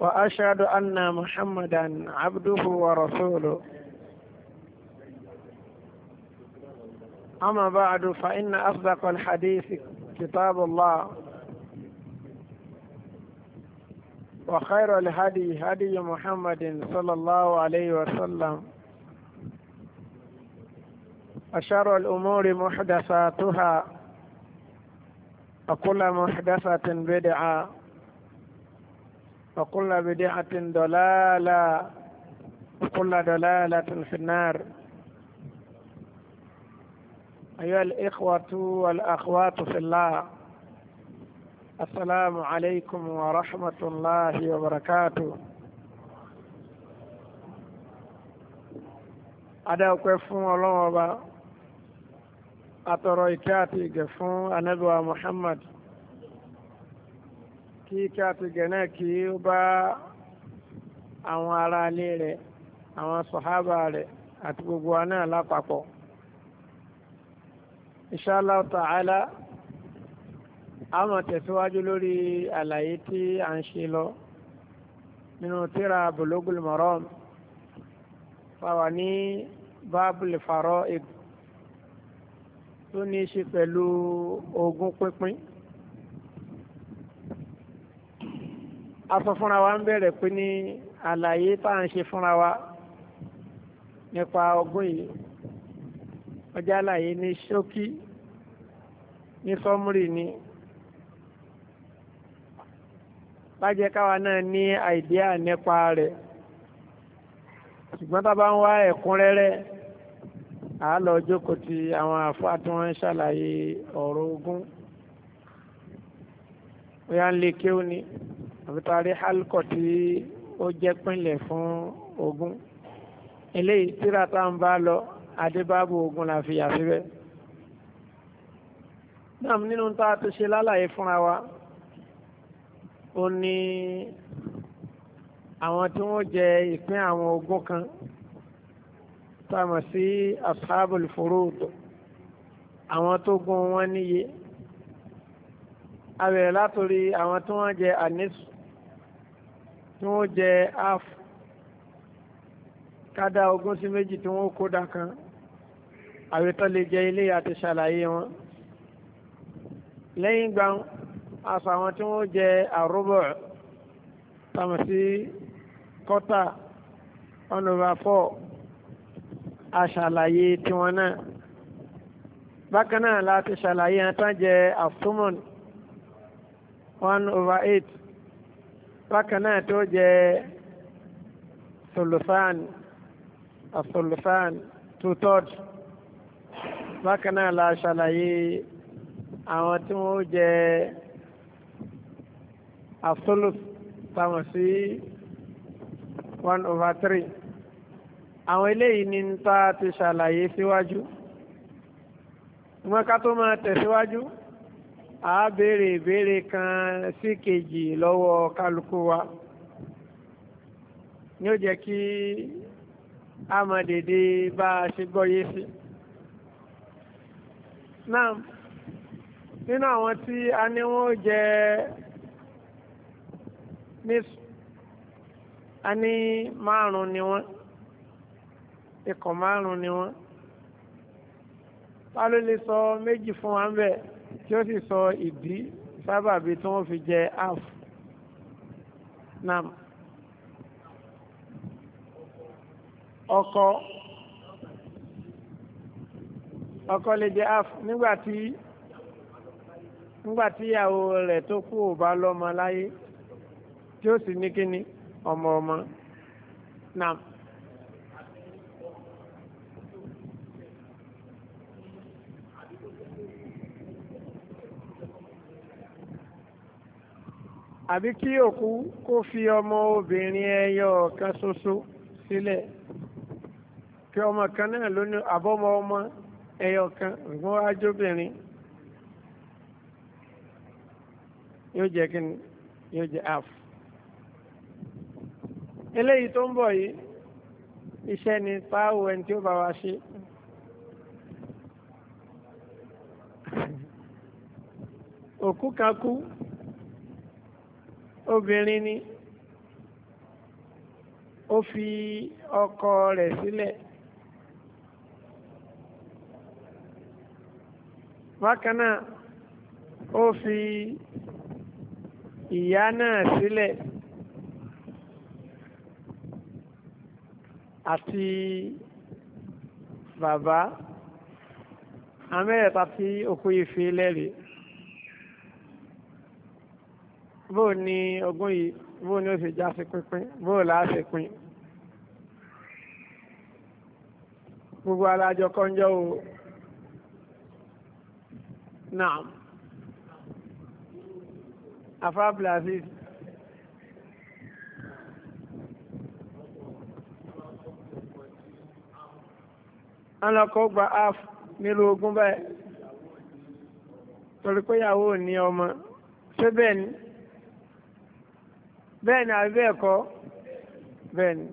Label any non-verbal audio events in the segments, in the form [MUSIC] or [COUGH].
وأشهد أن محمدا عبده ورسوله أما بعد فإن أصدق الحديث كتاب الله وخير الهدي هدي محمد صلى الله عليه وسلم أشر الأمور محدثاتها وكل محدثة بدعة وكل بدعة ضلالة وكل ضلالة في النار أيها الإخوة والأخوات في الله السلام عليكم ورحمة الله وبركاته adáwọ̀pẹ́ fún ọlọ́wọ́ba atọ̀rọ̀ ìkẹ́ àti ìgẹ̀ fún kí kí a ti gẹ̀ náà kí ó bá àwọn ará ilé rẹ̀ àwọn sọ̀hábà rẹ̀ àti gbogbo wa náà lápapọ̀. Inshallah ta'ala a máa tẹ̀síwájú lórí àlàyé tí a ń ṣe lọ nínú tíra Bulugul Maram fáwa ní bábùlì fàrọ̀ èdè tó ní í ṣe pẹ̀lú ogún pínpín. aṣọ fúnra wa ń bẹ̀rẹ̀ pé ní àlàyé tá à ń ṣe fúnra wa nípa ọgbọ́n yìí ọjà àlàyé ní ṣókí ní sọ́mùrì ni bájẹ́ káwa náà ní àìdíà nípa rẹ̀ ṣùgbọ́n tá a bá ń wá ẹ̀kúnrẹ́rẹ́ àálọ̀ jókòó ti àwọn àfáà tí wọ́n ń ṣàlàyé ọ̀rọ̀ ogún bóyá ń lè kéwòn ni àbí taari halkọ tí ó jẹ́ pínlẹ̀ fún ogun eléyìí tíra tá ń bá lọ adébábò ogun la fi yà síbẹ̀ náà nínú tá a ti ṣe lálàyé fúnra wa ó ní àwọn tí wọ́n jẹ ìpín àwọn ogun kan tá sí ashabul furud àwọn tó gun wọn níye a bẹ̀rẹ̀ látòrí àwọn tí wọ́n jẹ anisu tí wọ́n jẹ half kádà ogún sí méjì tí wọ́n kó dà kan àwẹ̀tọ́ lè jẹ ilé àti ṣàlàyé wọn lẹ́yìn ìgbà àṣà àwọn tí wọ́n jẹ àrúbọ̀ tàmù sí kọ́tà ọ̀nàbàfọ́ àṣàlàyé tiwọn náà bákan náà láti ṣàlàyé àtàjẹ àfúmọ̀n one over eight bákan náà tó jẹ́ solufan asolufan two thirds bákan náà la ṣàlàyé àwọn tí wọ́n jẹ́ asoluf táwọn sí one over three àwọn eléyìí ni ta ti ṣàlàyé síwájú wọn ká tó máa tẹ̀síwájú. Si a béèrè ìbéèrè kan sí kejì lọ́wọ́ kálukú wa ní ó jẹ́ kí a mọ̀ dédé bá a ṣe gbọ́yé sí. náà nínú àwọn tí a ní wọ́n jẹ́ a ní márùn ni wọ́n ikọ̀ márùn ni wọ́n ta ló lè sọ méjì fún wa ń bẹ́ẹ̀ tí ó sì sọ ìdí sábàbí tí wọ́n fi jẹ af nam ọkọ ọkọ lè jẹ af nígbàtí nígbàtí ìyàwó rẹ̀ tó kú ò bá lọ́mọ láyé tí ó sì ní kíni ọmọ ọmọ nam. àbí kí òkú kó fi ọmọ obìnrin ẹyọ kan ṣoṣo sílẹ̀ kí ọmọ kan náà ló ní àbọ̀mọ ọmọ ẹyọ kan ǹgbọ́n ajóbìnrin yóò jẹ́ kí ni yóò jẹ́ af. eléyìí tó ń bọ̀ yìí iṣẹ́ ni táwọn ẹni tí ó bá wa ṣe. òkú kan kú obìnrin ni ó fi ọkọ rẹ̀ sílẹ̀ bákan náà ó fi ìyá náà sílẹ̀ àti bàbá amẹ́rẹ̀ta tí òkú yìí fi lẹ́rìí. bó ni ogún yìí bó ni ó sì já sí pínpín bó làá sì pín gbogbo alájọ kọ́njọ́ o náà afáblasis ọlọ́kọ́ gba af nílùú ogun báyìí torí pé ìyàwó ò ní ọmọ ṣé bẹ́ẹ̀ ni. bẹ́ẹ̀ ni àbí bẹ́ẹ̀ bẹ́ẹ̀ ni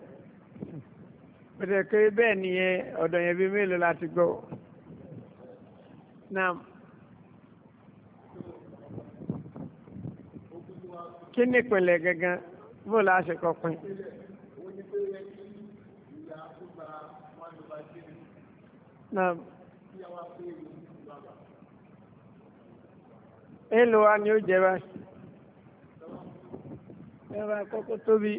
pẹ̀tẹ̀ pé bẹ́ẹ̀ ni yẹn ọ̀dọ̀ yẹn bí mélòó láti gbọ́ náà kí ni gangan bó la ṣe ni ó jẹ ẹ̀rọ kọ́kọ́ tóbi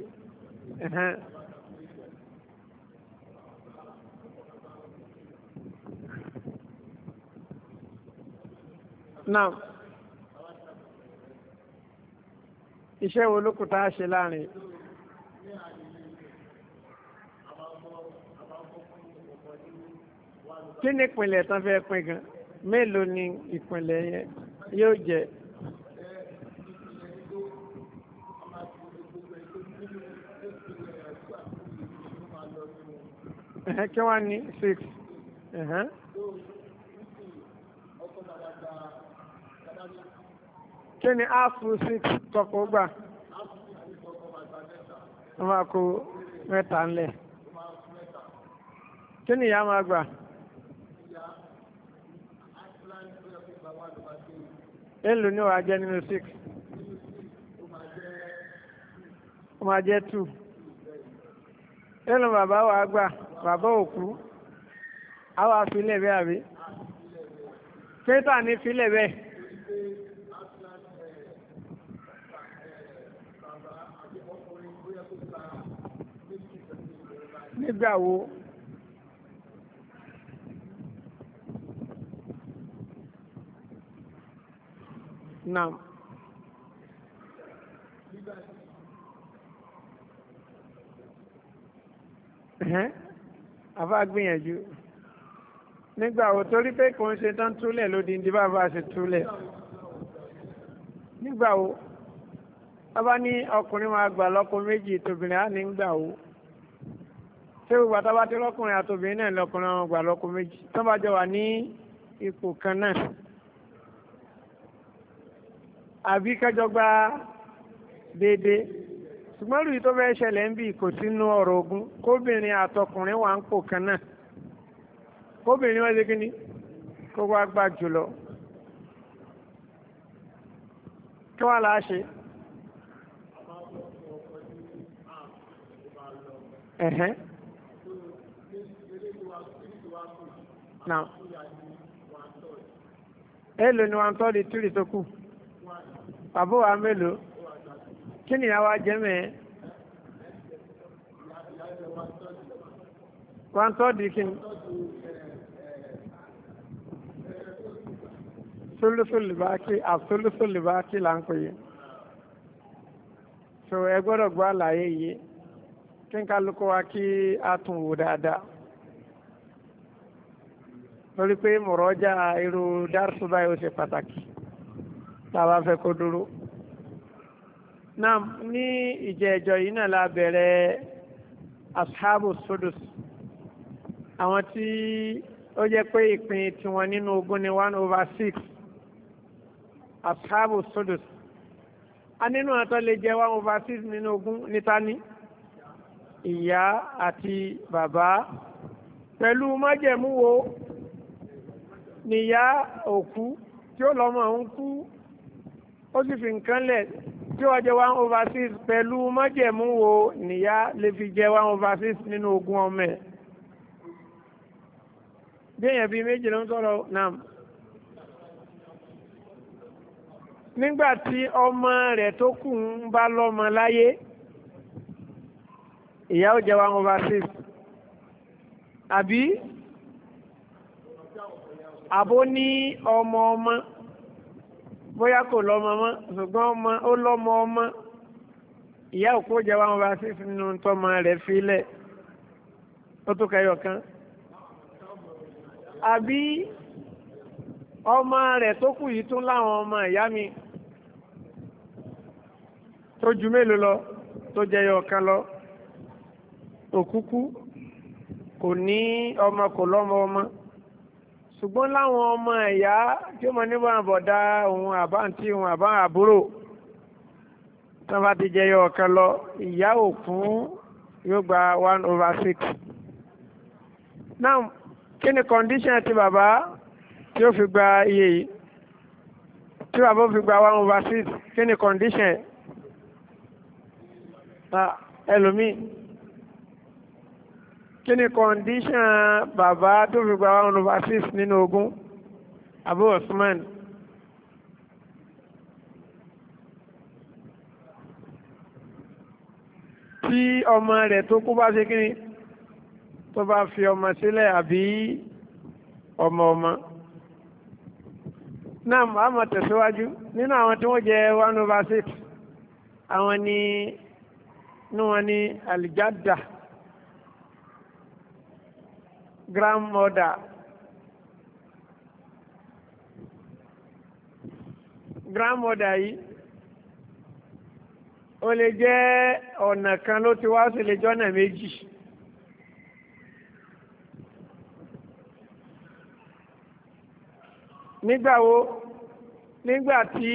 náà iṣẹ́ wo ló kù tá a ṣe láàrin kí ni ìpínlẹ̀ tán fẹ́ pín gan mélòó ni ìpínlẹ̀ yẹn yóò jẹ́ ẹ̀hẹ́ six ẹ̀hẹ́. Uh-huh. kí six tọkọ gbà wọ́n máa kó mẹ́ta ńlẹ̀ kí ni ìyá ni jẹ six two bàbá wàá gbà. bàbá òkú àwọn àfilẹ̀ bẹ́ẹ̀ àbí pétà ní filẹ̀ bẹ́ẹ̀. nígbà wo nam ẹ̀hẹ́n àfa gbìyànjú nígbà wo torí pé kò ń ṣe tán túlẹ̀ lódìndí bá bá ṣe túlẹ̀ nígbà wo bá ní ọkùnrin máa gbà lọ́kùn méjì tóbìnrin á ní gbà wo ṣé gbogbo àtàbá tí lọ́kùnrin àtòbìnrin náà lọ́kùnrin àwọn gbà lọ́kùn méjì tó bá jọ wà ní ipò kan náà àbí kájọ gba déédéé. ṣùgbọ́n rí tó fẹ́ ṣẹlẹ̀ ń bí kò sínú ọ̀rọ̀ ogun kóbìnrin àtọkùnrin wà ń pò kan náà kóbìnrin wọ́n ṣe kí ni kó wá gbà jùlọ kí wọ́n là á ṣe. ẹ̀hẹ́n. now èèlò ni wọn tọ́ di tírì tó kù bàbá wa mélòó. kí ni àwa jẹ́mẹ̀ one third kí ni sólúsólù bá kí àsólúsólù bá kí là ń pè é so ẹ gbọ́dọ̀ gbọ́ àlàyé yìí kí n kálukú wa kí a tún wò dáadáa torí pé mọ̀rọ́jà irú dárúsù báyìí ó ṣe pàtàkì tá a bá fẹ́ kó dúró náà ní ìjẹ́jọ́ yìí náà la bẹ̀rẹ̀ ashabu sudus àwọn tí ó jẹ́ pé ìpín tiwọn nínú ogún ni one over six ashabu sudus a nínú àtọ́ lè jẹ́ one over six nínú ogún níta ní ìyá àti bàbá pẹ̀lú májẹ̀mú wo níyà òkú tí ó lọ́mọ òun kú ó sì fi nǹkan lẹ̀ tí wọ́n jẹ́ one over six pẹ̀lú májẹ̀mú wo nìyá lè fi jẹ́ one over six nínú ogún ọmọ ẹ̀. bí èèyàn bíi méjì ló ń sọ̀rọ̀ nam. nígbà tí ọmọ rẹ̀ tó kù ń bá lọ́mọ láyé ìyá ó jẹ́ one over six àbí àbó ní ọmọ ọmọ bóyá kò lọ́mọ mọ́ ṣùgbọ́n ọmọ ó lọ́mọ ọmọ ìyá òkú jẹ́ wá wọn bá sí nínú tọ́mọ rẹ̀ fílẹ̀ ó tó kẹyọ kan àbí ọmọ rẹ̀ tó kù yìí tún láwọn ọmọ ìyá mi tó ju mélòó lọ tó jẹyọ kan lọ òkúkú kò ní ọmọ kò lọ́mọ ọmọ ṣùgbọ́n láwọn ọmọ ẹ̀yà tí ó mọ nígbà bọ̀dá òun àbáǹtí òun àbá àbúrò tán bá ti jẹyọ ọ̀kan lọ ìyá òkun yóò gba one over six. now kí ni condition ti bàbá tí ó fi gba iye yìí tí bàbá ó fi gba one over six kí ni condition ah, ẹlòmíì kí ni kọ̀ǹdíṣàn bàbá tó fi gba one over six nínú ogún abu Usman. tí ọmọ rẹ̀ tó kú bá ṣe kí ni tó bá fi ọmọ sílẹ̀ àbí ọmọ ọmọ náà a máa tẹ̀síwájú nínú àwọn tí wọ́n jẹ one over six àwọn ni ní wọn ni aljada grandmother grandmother yìí ó lè jẹ́ ọ̀nà kan ló ti wá sí lè jọ́nà méjì. nígbà wo nígbà tí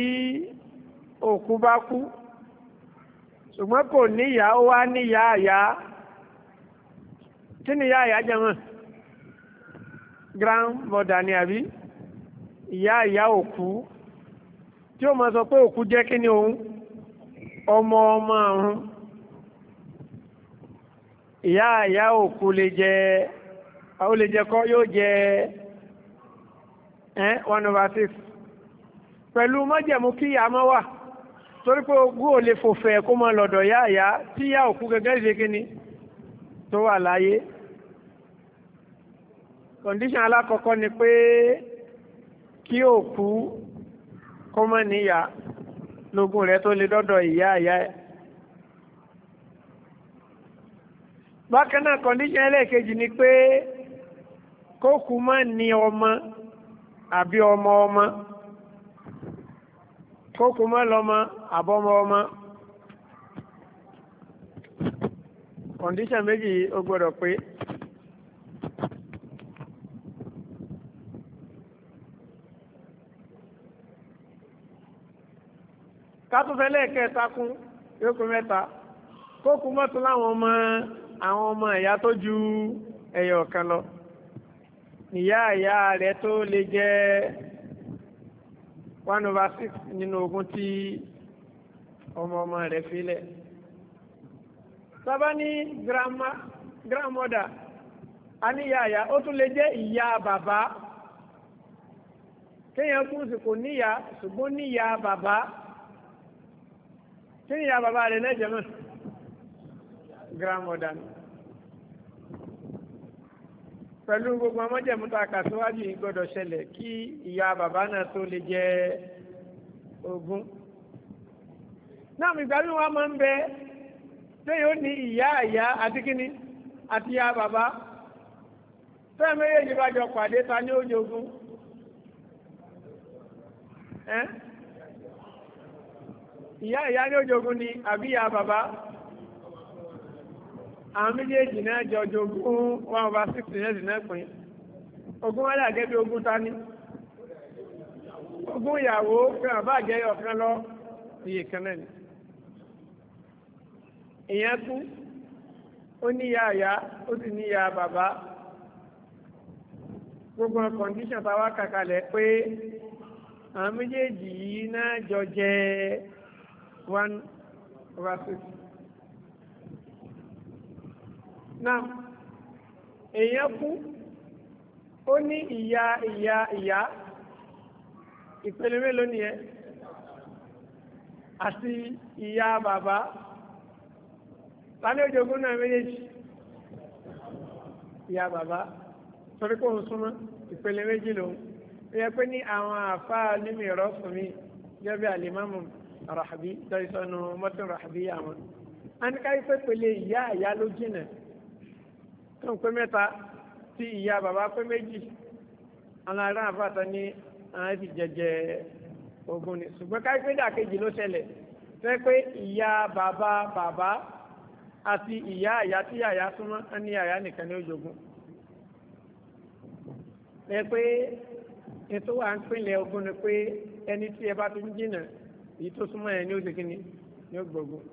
òkú bá kú ṣùgbọ́n kò níyàá ó wá níyàá àyà tí níyàá àyà jẹ́ wọ́n grandmother ni àbí ìyá ìyá òkú tí ó máa sọ pé òkú jẹ́ kí ni òun ọmọ ọmọ ọ̀run ìyá ìyá òkú lè jẹ ó lè jẹ kọ́ yóò jẹ ẹ́ one over six pẹ̀lú májẹ̀mú kí ìyá máa wà torí pé ogún ò lè fòfẹ́ kó máa lọ́dọ̀ ìyá ìyá tí ìyá òkú gẹ́gẹ́ ìdíkíní tó wà láyé kọ̀ǹdíṣàn alákọ̀ọ́kọ́ ni pé kí òkú kó mọ́ níyà lógún rẹ̀ tó lè dọ́dọ̀ ìyá ìyá ẹ̀. bákan náà kọ̀ǹdíṣàn ẹlẹ́ẹ̀kejì ni pé kókù mọ́ ní ọmọ àbí ọmọ ọmọ kókù mọ́ lọ́mọ àbọ́mọ ọmọ. kọ̀ǹdíṣàn méjì ó gbọ́dọ̀ pé. kátúfẹ́ lẹ́ẹ̀kẹta kún yókù mẹ́ta kókù mọ́tò láwọn ọmọ àwọn ọmọ ẹ̀yà tó ju ẹyọ kan lọ ìyá ìyá rẹ̀ tó lè jẹ́ one over six nínú ogún tí ọmọ ọmọ rẹ̀ filẹ̀ sábà ní grandma grandmother a ní ìyá ìyá ó tún lè jẹ́ ìyá bàbá kéèyàn kú sí kò níyà ṣùgbọ́n níyà bàbá kí ni ìyá bàbá rẹ̀ lẹ́jẹ̀ mọ́ grandmother pẹ̀lú gbogbo ọmọjẹ̀mú tó àkàtúwájú yìí gbọ́dọ̀ ṣẹlẹ̀ kí ìyá bàbá náà tó lè jẹ ogún náà ìgbà mi wá máa ń bẹ lẹ́yìn ó ní ìyá ìyá àti kíní àti ìyá bàbá fẹ́ẹ̀ méjèèjì bá jọ pàdé ta ní ó jogún ìyá ìyá ní ojogun ni àbí ìyá bàbá àwọn méjèèjì náà jẹ ojogun one over six nẹ́ẹ̀sì náà pín ogún wálé àgẹ́bí ogún tání ogún ìyàwó fún àbá àjẹyọ kan lọ iye kan náà ni ìyẹn kú ó ní ìyá ìyá ó sì ní ìyá bàbá gbogbo kọ̀ǹdíṣàn táwa kàkalẹ̀ pé àwọn méjèèjì yìí náà jọ jẹ́ one over Now, èèyàn kú, ó ní ìyá ìyá ìyá, ìpele mélòó nìyẹn? Àti ìyá bàbá. Lálẹ́ òjògùn náà méjèèjì. Ìyá bàbá, torí kò ń súnmọ́, ìpele méjì lòun. Ó yẹ pé ní àwọn àfáà ní fún mi, gẹ́gẹ́ bí àlìmámù rahabi tẹ́sánù mọ́tún rahabi àwọn anikayi pépele ìyá àyá ló jìnà tó ń pé mẹ́ta tí ìyá bàbá pé méjì àwọn ará àfàtà ní àwọn ti jẹjẹ ogun ni ṣùgbọ́n káyí pé dàkejì ló ṣẹlẹ̀ fẹ́ pé ìyá bàbá bàbá àti ìyá àyá tí àyá súnmọ́ ní àyá nìkan ní ojogun fẹ́ pé ètò wà ń pinlẹ̀ ogun ni pé ẹni tí ẹ bá ti ń jìnà èyí tó súnmọ́ ẹ̀ ní oṣù kínní ní ògbógun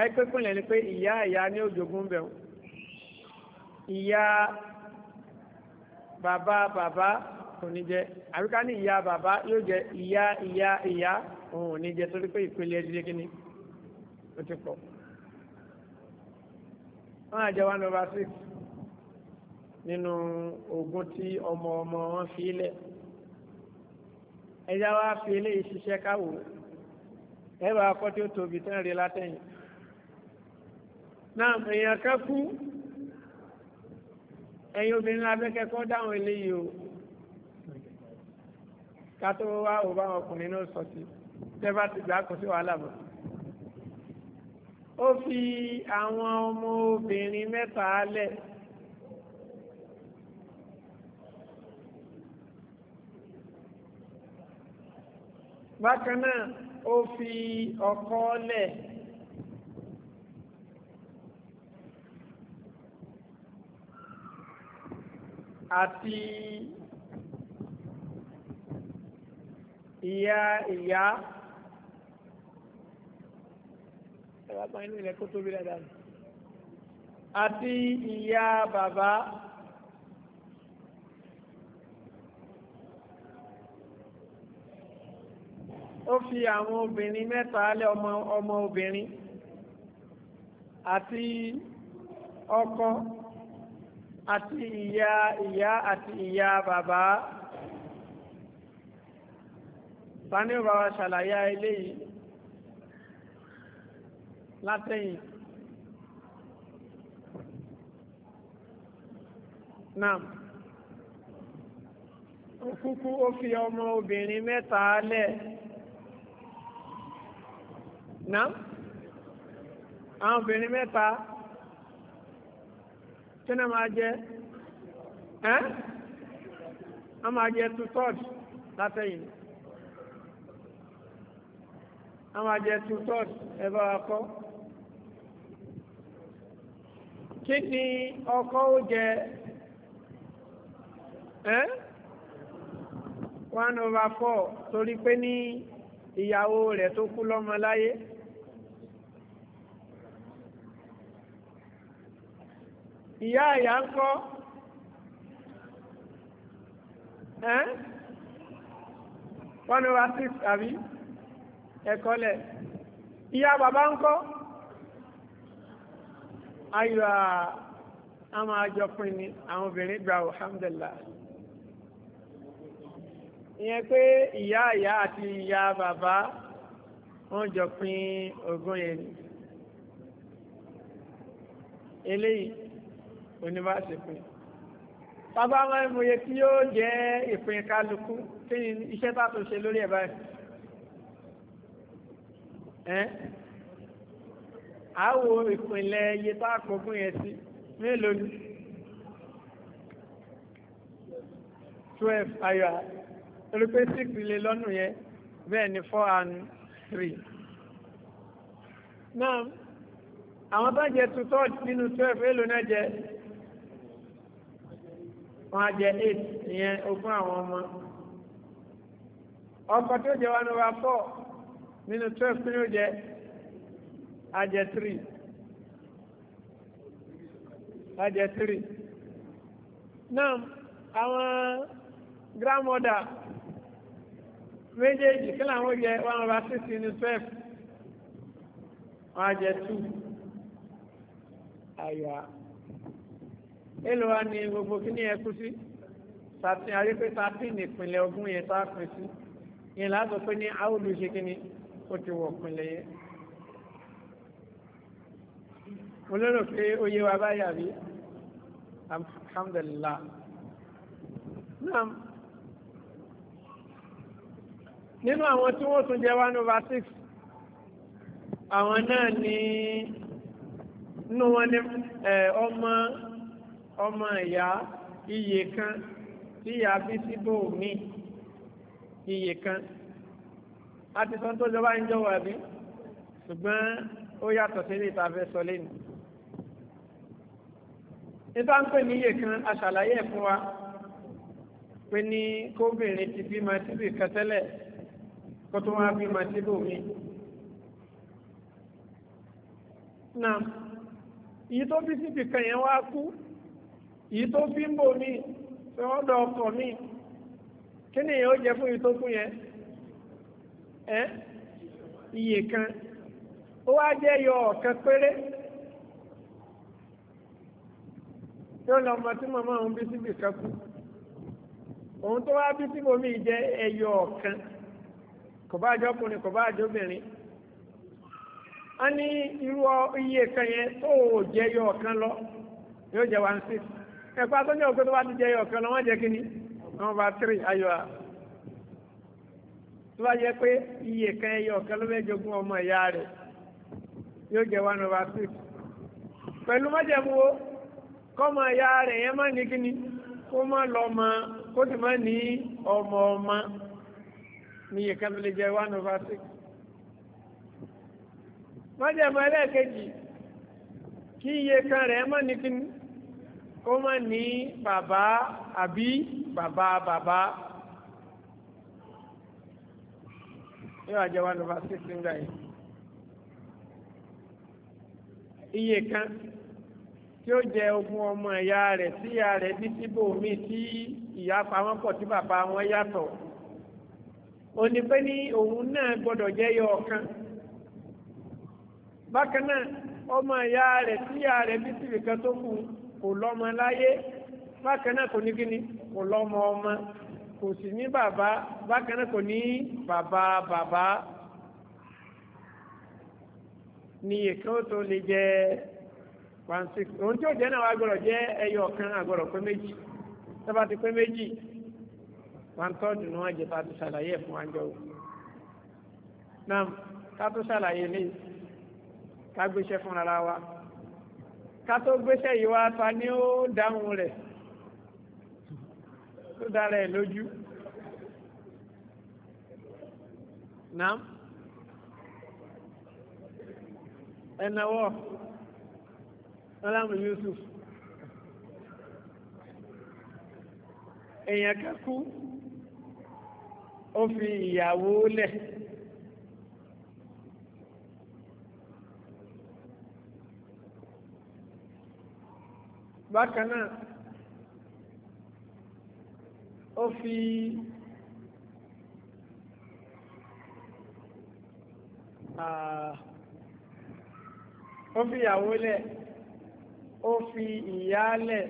àìpẹ́pẹ́ lẹ́ni pé ìyá ìyá ní òjògùn bẹ̀ wọ́n ìyá bàbá bàbá kò ní jẹ àríká ní ìyá bàbá yóò jẹ ìyá ìyá ìyá òun ò ní jẹ torí pé ìpele ẹdílé kínní ó ti pọ̀ wọ́n á jẹ one over six nínú ogún tí ọmọ ọmọ wọn fi lẹ̀ ẹja wa fi eléyìí ṣiṣẹ́ káwò ẹ bá kọ́ tí ó tóbi tán rí látẹ̀yìn náà èèyàn kan kú ẹ̀yin obìnrin abẹ́kẹ́kọ́ dáhùn eléyìí o ká tó wá ò bá ọkùnrin náà sọ sí tẹ́ bá ti gbà kó sí wàhálà bọ̀ ó fi àwọn ọmọ obìnrin mẹ́ta lẹ̀. bákan náà ó fi ọkọ lẹ̀ àti ìyá ìyá ẹ̀rọ àpá inú ilẹ̀ kó tóbi dáadáa àti ìyá bàbá. ó fi àwọn obìnrin mẹ́ta alẹ́ ọmọ ọmọ obìnrin àti ọkọ àti ìyá ìyá àti ìyá bàbá sani ó bá wa ṣàlàyé eléyìí látẹ̀yìn. Naam. Òkúkú ó fi ọmọ obìnrin mẹ́ta lẹ̀ náà àwọn obìnrin mẹ́ta tí wọ́n máa jẹ ẹ́ wọ́n máa jẹ two third látẹ̀yìn wọ́n máa jẹ two third ẹ bá wa kọ́ kí ni ọkọ ó jẹ ẹ́ one over four torí pé ní ìyàwó rẹ̀ tó kú lọ́mọ láyé. ìyá ìyá ń kọ́ one over six àbí ẹ̀kọ́ ìyá bàbá ń kọ́ ayọ̀ a máa jọ pin ni àwọn obìnrin gba alhamdulillah ìyẹn pé ìyá ìyá àti ìyá bàbá wọ́n jọ pin ogún yẹn ni eléyìí oníbàṣepin bàbá máa ń mòye tí yóò jẹ́ ìpín kálukú kí ni iṣẹ́ bá tó ṣe lórí ẹ̀ báyìí ẹ́ àwo ìpínlẹ̀ iye tá a kó fún yẹn sí mélòó ni twelve ayọ̀ torí pé six lè lọ́nù yẹn bẹ́ẹ̀ ni four and three náà àwọn tó jẹ two third nínú twelve èlò náà jẹ. wọ́n á jẹ eight ìyẹn ogún àwọn ọmọ ọkọ̀ tó jẹ one over four nínú twelve tí ó jẹ á jẹ three á jẹ three náà àwọn grandmother méjèèjì kí làwọn jẹ one over six nínú twelve wọn á jẹ two àyà. èlò wa ni gbogbo kí ní ẹkú sí tàbí arípé tàbí nípìnlẹ̀ ogún yẹn tá a pín sí yẹn láàbọ̀ pé ní áwòlù ṣe kí ni ó ti wọ̀ pinlẹ̀ yẹn. mo lérò pé ó yé wa báyà rí alhamdulillah nínú àwọn tí wọ́n tún jẹ́ one over six àwọn náà ní inú wọn ní ọmọ ọmọ ìyá iye kan tí ìyá bí síbò mí iye kan a ti sọ tó jọba ń jọwọ ẹbí ṣùgbọ́n ó yàtọ̀ sí ilé ìtafẹ́ sọ lẹ́nu nípa ń pè ní iye kan aṣàlàyé ẹ̀ fún wa pé ní kóbìnrin ti bímọ síbì kan tẹ́lẹ̀ kó tó wá bímọ síbò mí náà iye tó bí síbì kan yẹn wá kú yìí tó fi ń bò mí tí wọ́n dọ̀ ọkọ̀ mí kí ni fún yìí tó fún yẹn ẹ iye kan ó wá jẹ́ yọ ọ̀kan péré yóò lọ ọmọ tí màmá òun bí síbi kan kú òun tó wá bí síbi omi jẹ́ ẹyọ ọ̀kan kò bá jọ ọkùnrin kò bá jọ obìnrin a ní irú iye kan yẹn tó ò jẹ́ yọ lọ yóò jẹ́ one six. ẹ̀pá tó jẹ́ òkú tó bá ti jẹ́ ọ̀kan lọ́wọ́ jẹ́ kí ni nọ́mbà tírì ayọ̀a tó bá jẹ́ pé iye kan ẹyọ ọ̀kan ló fẹ́ jogún ọmọ ìyá rẹ̀ yóò jẹ́ one over six pẹ̀lú májẹ̀mú wo kọ́mọ ìyá rẹ̀ yẹn má ní kí ni kó má lọ mọ kó sì má ní ọmọ ọmọ ní iye kan ló jẹ́ one over six májẹ̀mú ẹlẹ́ẹ̀kejì kí iye kan rẹ̀ má ní kí ni kó má ní bàbá àbí bàbá bàbá yóò wá jẹ́ one over six nígbà yìí iye kan tí ó jẹ ogún ọmọ ìyá rẹ̀ tí ìyá rẹ̀ bí síbò mi tí ìyá pamọ́ pọ̀ tí bàbá wọn yàtọ̀ òní pé ní òun náà gbọ́dọ̀ jẹ́ yọ ọ̀kan bákan náà ọmọ ìyá rẹ̀ tí ìyá rẹ̀ bí síbì kan tó kù kò lọ́mọ láyé bákan náà kò ní kíni kò lọ́mọ ọmọ kò sì ní bàbá bákan náà kò ní bàbá bàbá ni èkó tó lè jẹ one six ohun tí ó jẹ náà wà gbọ́dọ̀ jẹ ẹyọ kan àgbọ́dọ̀ pé méjì tọ́ba ti pé méjì one ni wọ́n jẹ tá a ti ṣàlàyé fún àjọ òkú náà ká tó ṣàlàyé lẹ́yìn ká gbéṣẹ́ fúnra wa ká tó gbéṣẹ́ yìí wá ta ni ó dáhùn rẹ̀ tó dára ẹ̀ lójú. Nam ẹnawọ́ Ọlámù Yusuf èèyàn kan ó fi ìyàwó lẹ̀. bákan náà ó fi ó fi ìyàwó lẹ̀ ó fi ìyá lẹ̀.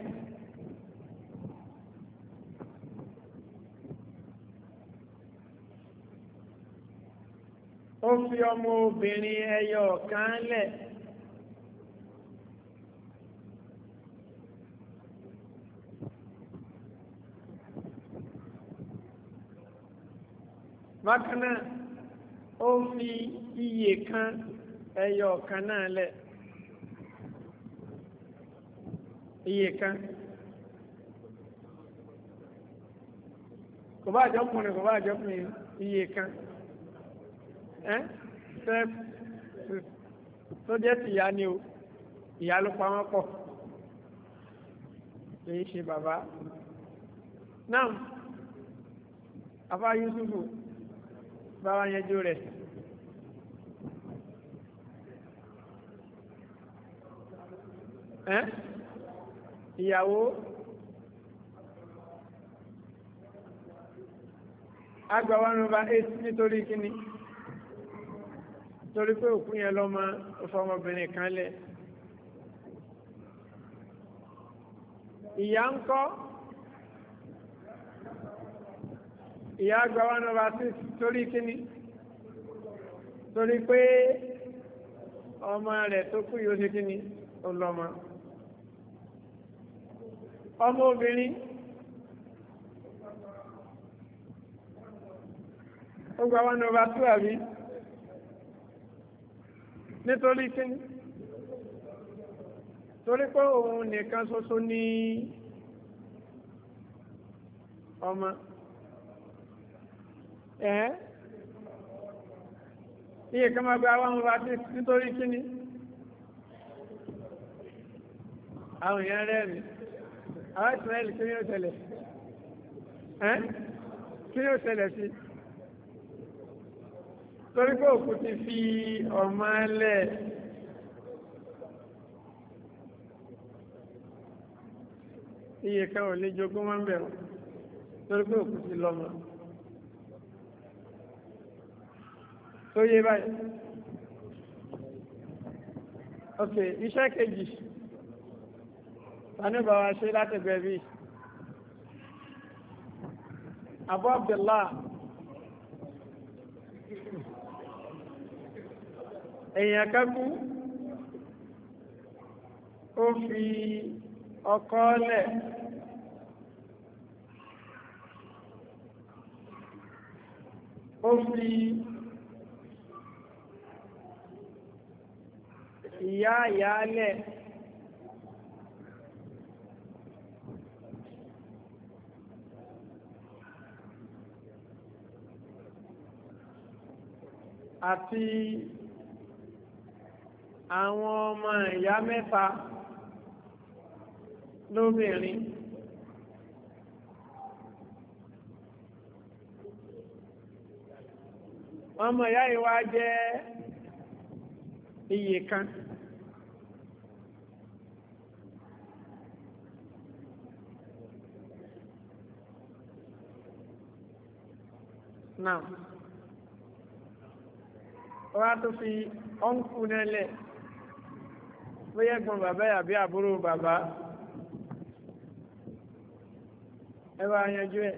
ó fi ọmọ obìnrin ẹyọ kan lẹ̀. bákan náà ó fi iye kan ẹyọ ọ̀kan náà lẹ̀ iye kan kò bá àjọkùnrin kò bá àjọkùnrin iye kan ẹ́ sẹ́ẹ̀ tó jẹ́ tìyá ni o ìyá ló pa wọ́n pọ̀ ṣe bàbá náà afá Yusufu bá wá yanjú rẹ̀ ìyàwó agba one over eight nítorí kíni torí pé òkú yẹn lọ́mọ ọ̀fọmọbìnrin kan lẹ̀ ìyá ń kọ́ ìyá àgbà wà náà bá sí torí kíní torí pé ọmọ rẹ̀ tó kú yóò ṣe kíní ọlọ́mọ ọmọ obìnrin ó gba one over two àbí nítorí kíní torí pé òun nìkan ṣoṣo ní ọmọ ẹ́ iye kan máa gba one over six nítorí kíni àwọn èèyàn rẹ́ẹ̀mí àwọn ìsìnlẹ̀ kí ni ó tẹ̀lẹ̀ ẹ́ kí ni ó tẹ̀lẹ̀ sí torí pé òkú ti fi ọmọ ẹlẹ́ẹ̀. iye kan ò lè jogún máa ń bẹ̀rù torí pé òkú ti lọ́mọ. tó yé báyìí ok iṣẹ́ kejì tani bàbá ṣe látẹ̀gbẹ́ bíi abu abdullah èèyàn kan kú ó fi ọkọ lẹ̀ ó fi. ìyá ìyálẹ̀ àti àwọn ọmọ ìyá mẹ́ta lóbìnrin ọmọ ìyá ìwá jẹ́ iye kan náà wọ́n á tó fi ọ́nkù náà lẹ̀ bóyá gbọ́n bàbá yàbí àbúrò bàbá ẹ bá yanjú ẹ.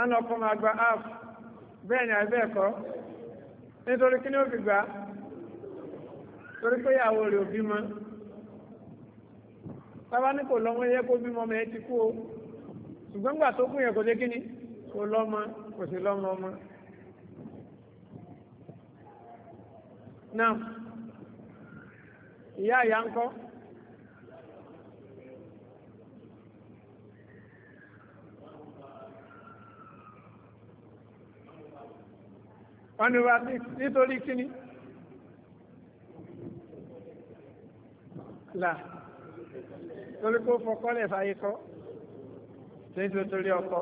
á lọ kọ́ máa gba app bẹ́ẹ̀ ni àbẹ́ ẹ̀kọ́ nítorí kí ni ó fi gbà torí pé ìyàwó rẹ̀ ò bímọ bàbá ní kò lọ́mọ yẹ kó bímọ ọmọ yẹn ti kú o ṣùgbọ́n gbà tó kú yẹn kò dé kí ni kò lọ́mọ kò sí lọ́mọ ọmọ. náà ìyá ìyá ń kọ́. one over six nítorí kíní. là torí kó fọkọ́lẹ̀ fàyè kọ́ nítorí ọkọ.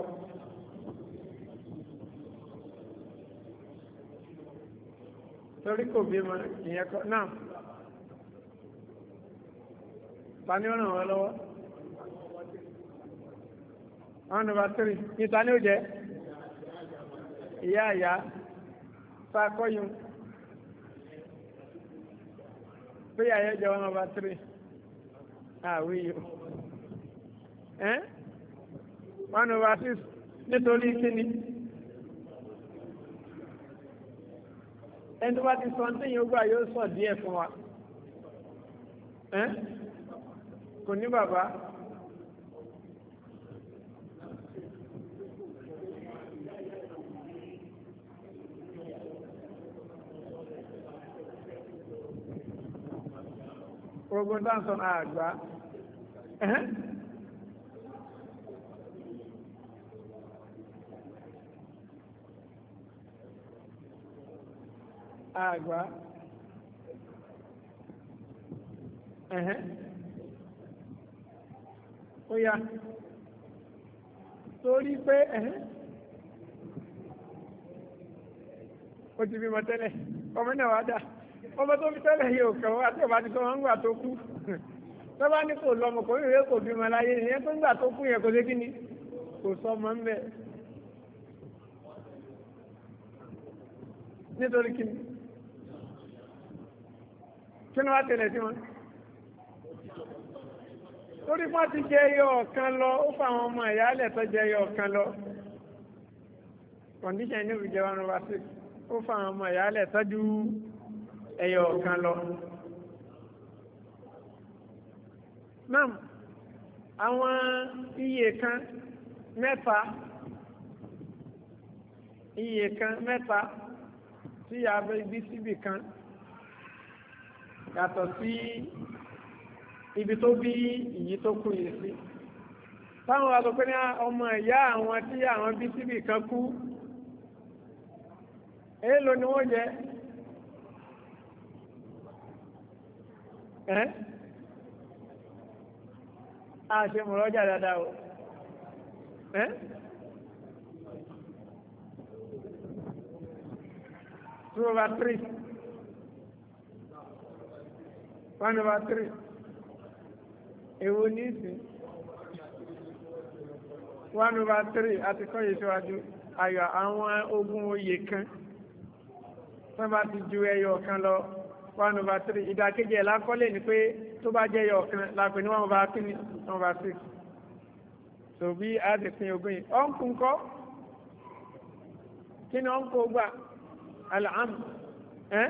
torí kò bímọ ìyẹn kọ́ náà tani ọ̀ràn wọn lọ́wọ́ one over three ní tani ó jẹ́ ìyá ìyá tá a kọ́ yun pé àyẹ̀ jẹ́ one over three àwí yìí ẹ́ one over six nítorí kíni ẹni tó bá ti sọ ní yóò gbà yóò sọ díẹ̀ fún wa ẹ́ kò ní bàbá. ogun dáńsán àgbà àgbà ó yá torí pé ó ti bímọ tẹ́lẹ̀ ọmọ náà wá dáa ọmọ tó fi tẹ́lẹ̀ yìí ò kẹwọ́ àti ọba ti tọ́wọ́ ńgbà tó kú tọ́ba ní kò lọ́mọ kò rí kò bímọ láyé ìyẹn tó ńgbà tó kú yẹn kò sí kí ni kò sọ ọmọ ń bẹ nítorí kí ni kí ni wá tẹ̀lẹ̀ sí wọn torí wọ́n ti jẹ ẹyọ ọ̀kan lọ ó fa àwọn ọmọ ìyáálẹ̀ tó jẹ ẹyọ ọ̀kan lọ kọ̀ǹdíṣẹ̀ ní òbí jẹ wọn wá sí ó fa àwọn ọmọ ìyáálẹ̀ tọ́jú ẹyọ ọ̀kan lọ. Mam, àwọn iye kan mẹ́fà iye kan mẹ́fà tí a bẹ ibi síbì kan yàtọ̀ sí ibi tó bí ìyí tó kú yìí sí. Táwọn wa sọ pé ní ọmọ ìyá àwọn tí àwọn bí síbì kan kú, èèlò ni wọ́n jẹ́ ẹ́n a ṣe mọ̀rọ́jà dáadáa o ẹ́n two over three one over three èwo ní ìsìn one over three àti kọ́ yìí síwájú ayọ̀ àwọn ogun oyè kan tó bá ti ju ẹyọ kan lọ one over three ìdàkejì ẹ̀ lákọ́lé ni pé tó bá jẹ́ yọ ọ̀kan lápẹ́ ní one over two one over six so bí a ti pin ogún yìí ọ̀nkù ńkọ́ kí ni ọ̀nkù gbà alham ẹ́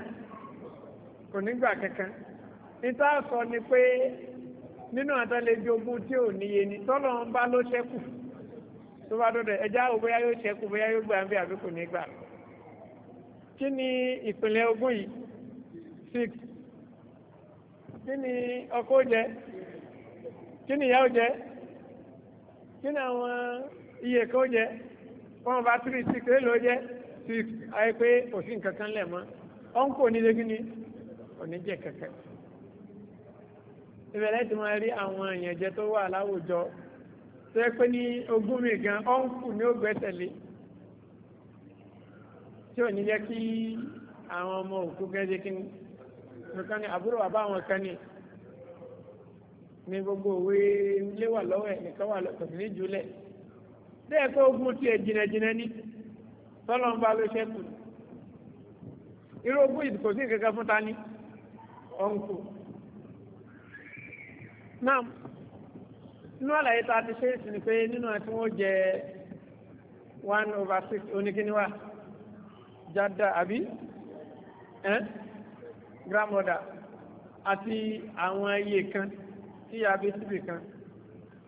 kò ní gbà kankan níta sọ ni pé nínú àtàlejò ogún tí ò níye ni tọ́lọ̀ ń bá ló ṣẹ́kù tó bá dọ̀dọ̀ ẹja ò bóyá yóò ṣẹ́kù bóyá yóò gbà ń bí àbí kò ní gbà kí ni ìpínlẹ̀ ogún yìí. six kini ọkọ jẹ kini ni ìyá jẹ iye kan jẹ one over three six èlò jẹ six ayé kankan lẹ̀ ni kankan ìbẹ̀rẹ̀ tí wọ́n rí àwọn ìyànjẹ tó wà láwùjọ tó yẹ pé ní ogún mi gan ọ̀nkù ní ó gbẹ́sẹ̀lé tí ò ní kí kan ni àbúrò bàbá àwọn kan ní ní gbogbo òwe ilé wà lọ́wọ́ ẹ̀ nìkan wà lọ́tọ̀ sí ní jùlẹ̀ bẹ́ẹ̀ pé ogun tiẹ̀ jìnnàjìnnà ní tọ́lọ́ ń bá ló ṣẹ́kù irú ogún ìdìbò sí ìkẹ́kẹ́ fún ta ní ọ̀nkù náà nínú àlàyé tá a ti ṣe ìsìn pé nínú àti wọn jẹ one over six oníkíníwá jáda àbí grandmother àti àwọn iye kan tí a bí síbì kan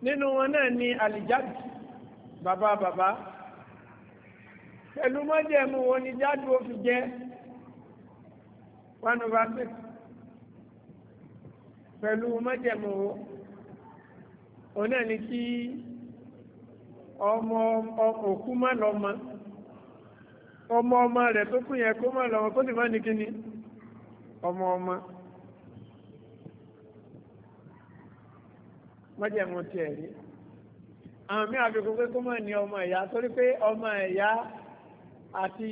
nínú wọn náà ni alijadu bàbá bàbá pẹ̀lú mọ́jẹ̀mú wọn ni jáde ó fi jẹ́ one over six pẹ̀lú mọ́jẹ̀mú wọn náà ni kí ọmọ òkú má lọ́mọ ọmọ ọmọ rẹ̀ tó kú yẹn kó má lọ́mọ kó sì má ní kíni ọmọ ọmọ mọ́jẹ̀mú tiẹ̀ rí àwọn mí àfikún pé kó mọ̀ ní ọmọ ẹ̀yà torí pé ọmọ ẹ̀yà àti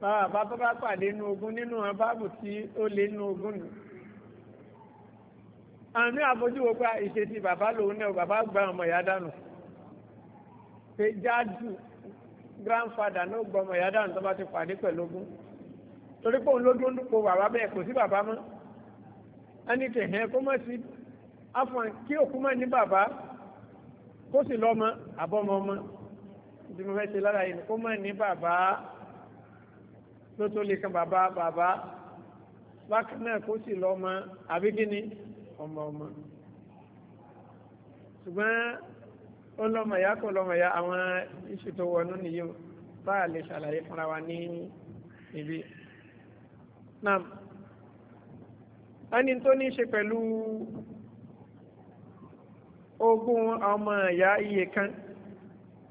bàbá tó bá pàdé nínú ogun nínú báàbù tí ó lé nínú ogun nù àwọn mí àfojúwo pé ìṣe ti bàbá lòun náà bàbá gba ọmọ ẹ̀yà dànù pé jáàdù grandfather náà gbọmọ ẹ̀yà dànù tó bá ti pàdé pẹ̀lú ogun torí pé òun ló dún dúpọ̀ bàbá bẹ́ẹ̀ kò sí bàbá mọ́ ẹni tẹ̀hẹ́ kó mọ̀ sí afọ̀n kí òkú mọ̀ ní bàbá kó sì lọ́mọ àbọ̀mọ ọmọ bí mo fẹ́ ṣe lára yìí kó mọ̀ ní bàbá ló lè kan bàbá bàbá bákan náà kó sì lọ́mọ àbí kíni ọmọ ọmọ ṣùgbọ́n ó kò lọ́mọ àwọn iṣu wọnú nìyí bá a lè ṣàlàyé fúnra wa ní ibi nam ẹni tó ní ṣe pẹ̀lú ogún ọmọ ìyá iye kan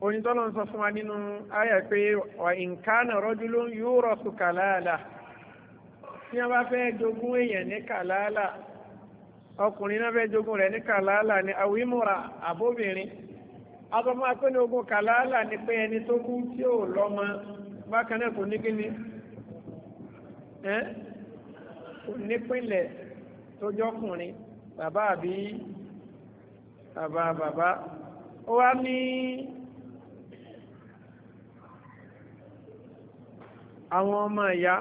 onítọ́lọ́ sọ fún wa nínú ayà pé nǹkanà rajulun yurasu kàláàlà tí wọ́n bá fẹ́ jogún èèyàn ní kàláàlà ọkùnrin náà fẹ́ jogún rẹ̀ ní kàláàlà ní àwímúra àbóbìnrin àtọ́mọ́ akẹ́ni ogún kàláàlà ni pé ẹni tó kú tí ò lọ́mọ bákan náà kò ní kíni ẹ́n onípínlẹ̀ tó jọ́kùnrin bàbá àbí bàbá bàbá ó wá ní àwọn ọmọ ìyá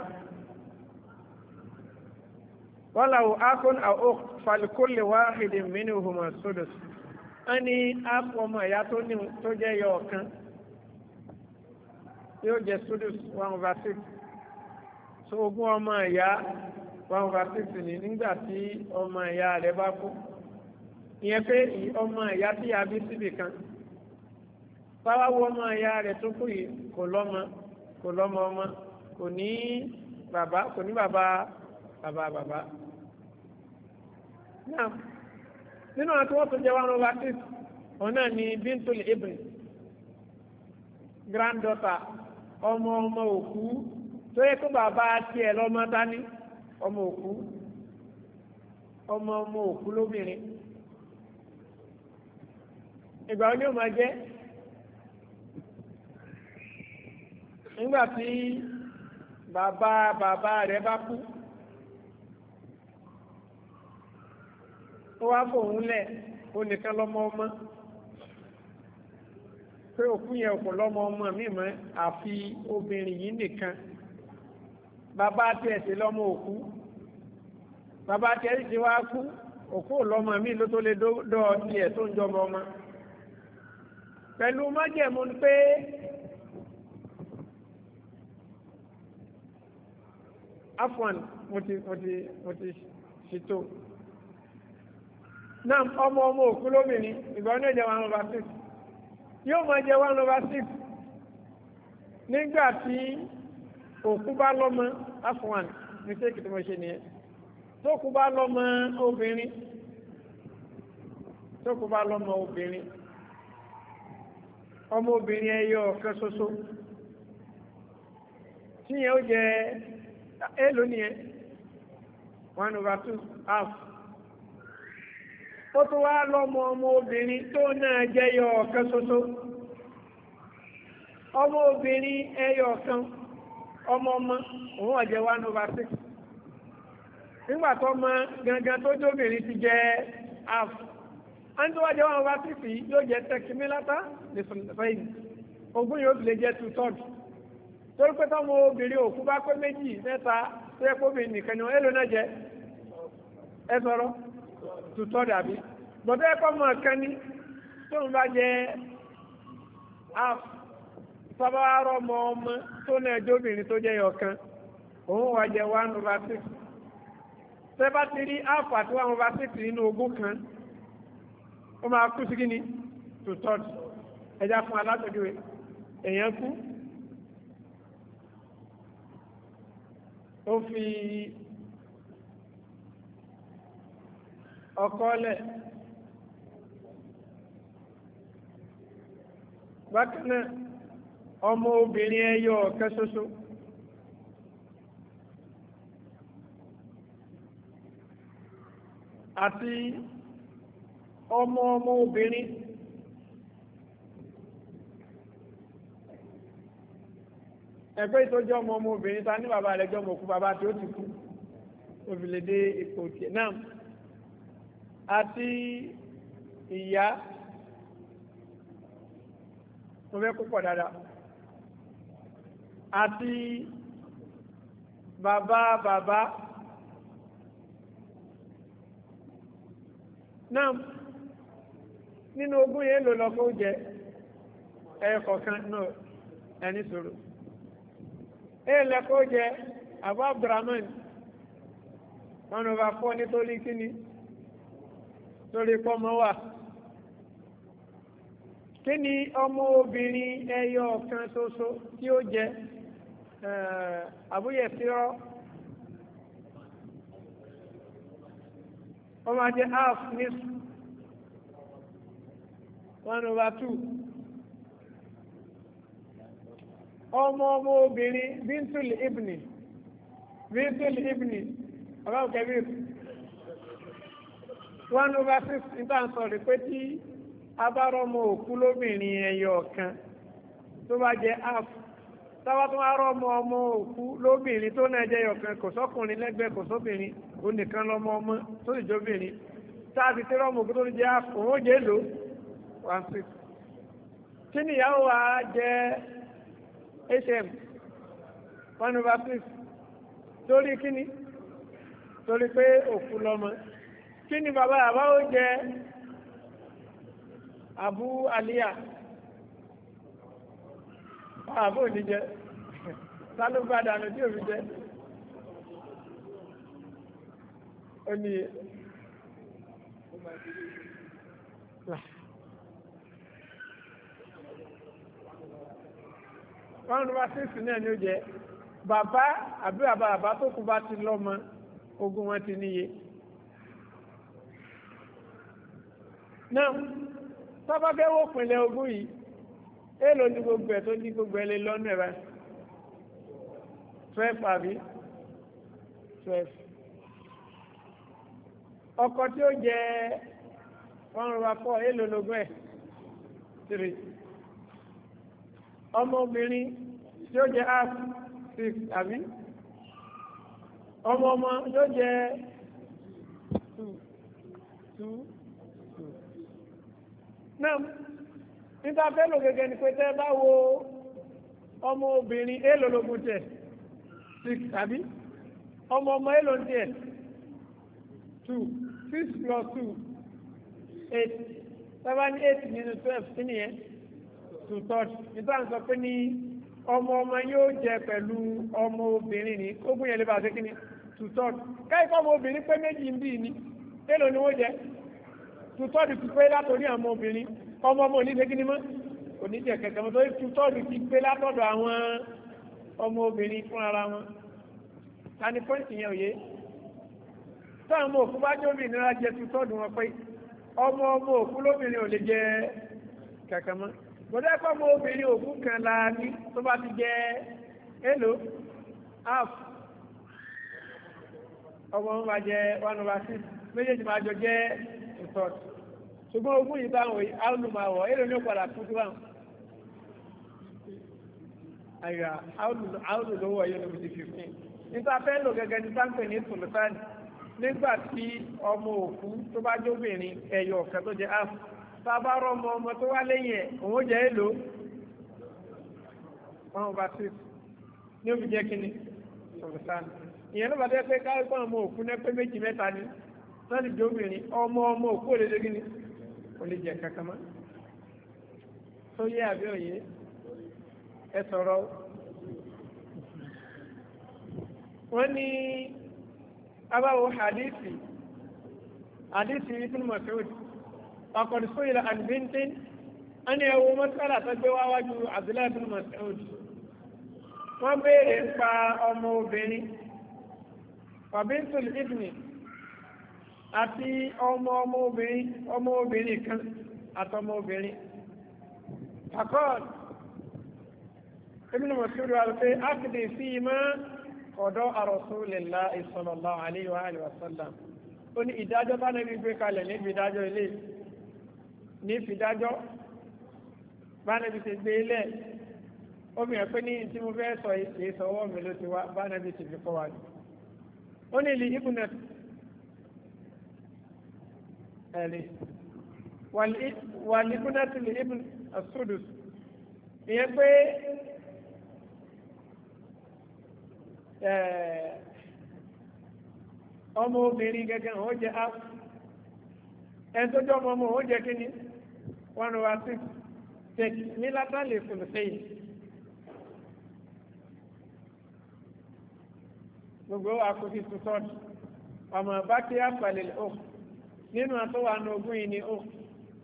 wọ́n làwọn akọ́n àwọn falikólè wá èdè mínú homo sódòsì wọ́n ní ápù ọmọ ìyá tó jẹ́ yọ ọ̀kan yóò jẹ́ sódòsì one over six so ogún ọmọ ìyá one over six ni nígbà tí ọmọ ìyá rẹ̀ bá kú ìyẹn pé ọmọ ìyá tí a bí síbì kan báwa wo ọmọ ìyá rẹ̀ tó kù yìí kò lọ́mọ kò lọ́mọ ọmọ kò ní bàbá kò ní bàbá bàbá bàbá náà nínú àti wọ́n tó jẹ́ one over six òun náà ni bíntul ibn granddaughter ọmọ ọmọ òkú tó yẹ kó bàbá tiẹ̀ lọ́mọ dání ọmọ òkú ọmọ ọmọ òkú lóbìnrin ìgbà wo ni ó máa jẹ́ nígbà tí bàbá bàbá rẹ̀ bá kú ó wá fòun lẹ̀ ó nìkan lọ́mọ ọmọ pé òkú yẹn kò lọ́mọ ọmọ mi mọ́ àfi obìnrin yìí nìkan bàbá tiẹ̀ sí lọ́mọ òkú bàbá tiẹ̀ sì wá kú òkú lọ́mọ mi ló tó lè dọ́ tiẹ̀ tó ń jọmọ ọmọ pẹ̀lú májẹ̀mú pé afọn mo ti mo ti mo ti ṣètò náà ọmọ ọmọ òkú lómìnir ìgbà ọdún ìjẹun one over six yóò máa jẹ one over six nígbà tí òkú bá lọ́mọ afwan mistake tí mo ṣe nìyẹn tókú bá lọ́mọ obìnrin tókú bá lọ́mọ obìnrin ọmọ obìnrin ẹyọ ọ̀kan ṣoṣo tíyẹn ó jẹ èèlò nìyẹn one over two half ó tún wá lọ́mọ ọmọ obìnrin tó náà jẹ́ ẹyọ ọ̀kan ọmọ obìnrin ẹyọ ọ̀kan ọmọ ọmọ òun ọ̀jẹ̀ one over six nígbà tó ọmọ gangan tó jóbìnrin ti jẹ half ẹni tó wá jẹ one over six yìí yóò jẹ tẹkímílátà ní sọ̀rọ̀ ogún yóò fi lè jẹ two third torí pé tọ́mọ obìnrin òkú bá pé méjì mẹ́ta tó yẹ kóbìnrin nìkan ni wọ́n èlò náà jẹ ẹ sọ̀rọ̀ two àbí bọ̀dọ̀ ẹ̀kọ́ mọ̀ kan tóun bá jẹ half tọ́ba wa rọ ọmọ ọmọ tó náà jóbìnrin tó jẹ́ yọkan òun wà jẹ́ one over six tẹ́ bá ti rí alpha tí one over six nínú ogún kan ó máa kú sí kíni to third ẹja fún alátọ́jú èèyàn kú ó fi ọkọ lẹ̀ bákan náà ọmọ obìnrin ẹyọ ọ̀kẹ́ ṣoṣo àti ọmọ ọmọ obìnrin ẹgbẹ́ ìtọ́jú ọmọ ọmọ obìnrin ta ní bàbá rẹ̀ jọmọ̀ kú bàbá tí ó ti kú òfìlédè ipò òkè náà àti ìyá mo fẹ́ kó pọ̀ dáadáa àti bàbá bàbá náà nínú ogún yẹn lò lọ́kọ́ jẹ ẹ̀kọ̀kan náà ẹni sọ̀rọ̀ ẹ̀lẹ́kọ́ jẹ àbú abdulrahman wọn ò bá fọ́ nítorí kíni torí pọ́mọ wà kí ọmọ obìnrin ẹyọ kan ṣoṣo tí ó jẹ àbúyẹ sírọ́ wọ́n máa jẹ́ half nis one over two ọmọ ọmọ obìnrin bíntul ibni bíntul ibni one over six nígbà pé tí òkú lóbìnrin kan tó bá half táwa tó wá rọmọ ọmọ òkú lóbìnrin tó náà jẹyọ kan kò sọkùnrin lẹ́gbẹ̀ẹ́ kò sóbìnrin ó nìkan lọmọ ọmọ tó sì jóbìnrin tá a ti tẹ òkú tó ní jẹ àfòwò jẹ lò one six kí ni ìyàwó wa jẹ hm one over six torí kí ni torí pé òkú lọmọ kí ni bàbá àbáwò jẹ abu aliya àbò ah, ní jẹ́ sálúbàdà ní tí òfin jẹ́ ó ní wọ́n lọ́wọ́ sí ìsìn náà ní ó jẹ́ bàbá àbí bàbá bàbá tó kú bá ti lọ́mọ ogún wọn ti níye náà tọ́bá fẹ́ wó yìí èèlò ní gbogbo ẹ̀ tó ní gbogbo ẹ̀ lé lọ́nà ẹ̀ báyìí twelve àbí twelve ọkọ̀ tí ó jẹ́ ọrùn wa pọ̀ èèlò lógún ẹ̀ three ọmọbìnrin tí ó jẹ́ half six àbí ọmọ ọmọ tí ó jẹ́ two two two náà níta fẹ́ lò gẹ́gẹ́ ni pé tẹ́ bá wo ọmọ obìnrin èèlò lógún tẹ̀ six tàbí ọmọ ọmọ èèlò ń tẹ̀ two six plus two eight seven eight nínú twelve sínú yẹn to touch níta ń sọ pé ní ọmọ ọmọ yóò jẹ pẹ̀lú ọmọ obìnrin ní ogún yẹn lè bá ṣe kí ni to touch káyìí ọmọ obìnrin pé méjì ń bì ní èèlò ni wọ́n jẹ to touch ti pé látòrí àwọn obìnrin ọmọ ọmọ oníṣẹ́gíní mọ́ oníṣẹ́ kẹta mọ́ tó ti tọ́jú ti pé látọ̀dọ̀ àwọn ọmọ obìnrin fún ara wọn ta ni pọ́ǹtì yẹn òye táwọn ọmọ òkú bá jẹ́ òmìnira jẹ ti tọ́jú wọn pé ọmọ ọmọ òkú lóbìnrin ò lè jẹ kẹ̀kẹ́ mọ́ gbọ́dọ̀ ẹ̀kọ́ ọmọ obìnrin òkú kan la ní tó bá ti jẹ èlò half ọmọ wọn bá jẹ one méjèèjì máa jọ jẹ ìtọ́jú. ṣùgbọ́n ogún yìí báwọn alùmọ̀wọ̀ èrò ní padà kú wọn. àyà áùlù lówó ẹ̀yọ́ lóbi ti fifteen nípa fẹ́ lò gẹ́gẹ́ ní sáńpẹ̀ ní sùlùfáàní nígbà tí ọmọ òkú tó bá jóbìnrin ẹ̀yọ̀ ọ̀kẹ́ tó jẹ́ ọmọ ọmọ tó wá lẹ́yìn ẹ̀ òun jẹ́ èlò ní jẹ́ ọmọ òkú ní kò lè jẹ kankan mọ́ tó yé àbí òye ẹ sọ̀rọ̀ wọ́n ní abáwo hadithi hadithi ibn Mas'ud ọkọ̀dù sóyìnlá and bintin wọ́n ní ẹwọ́ mọ́sálà tó gbé wá wájú Abdullahi ibn Mas'ud wọ́n béèrè ń pa ọmọ obìnrin fàbíntùl ibni àti ọmọ ọmọ obìnrin ọmọ obìnrin kan àtọmọ obìnrin àkọọ́d ibùdó mọ̀síwìrì wà pé ákìdì sí imá ọ̀dọ́ Rasulullahi sallallahu alaihi wa alihi wa sallam ó ní ìdájọ́ bá nàbí gbé kalẹ̀ níbi ìdájọ́ ilé ní ìfidájọ́ bá nàbí ti gbé ilẹ̀ ó mìíràn pé ní tí mo fẹ́ sọ ìṣe mi ló ti wá bá nàbí ti fi kọ́ wa ó ní ìlú ibùdó ẹ̀rí wàlíbúnátìlì ibn asudus ìyẹn pé ọmọ obìnrin gẹ́gẹ́ òun jẹ́ af ẹni tó jọ ọmọ ọmọ òun jẹ́ kí ni one over six tẹ̀kì ní látàlẹ̀ fòlùfẹ́yìn. gbogbo wa kò fi tutọ́ọ̀dù ọmọ bá kí á palẹ̀ ọ̀hún nínú àtọ́wà ní ogún yìí ni ó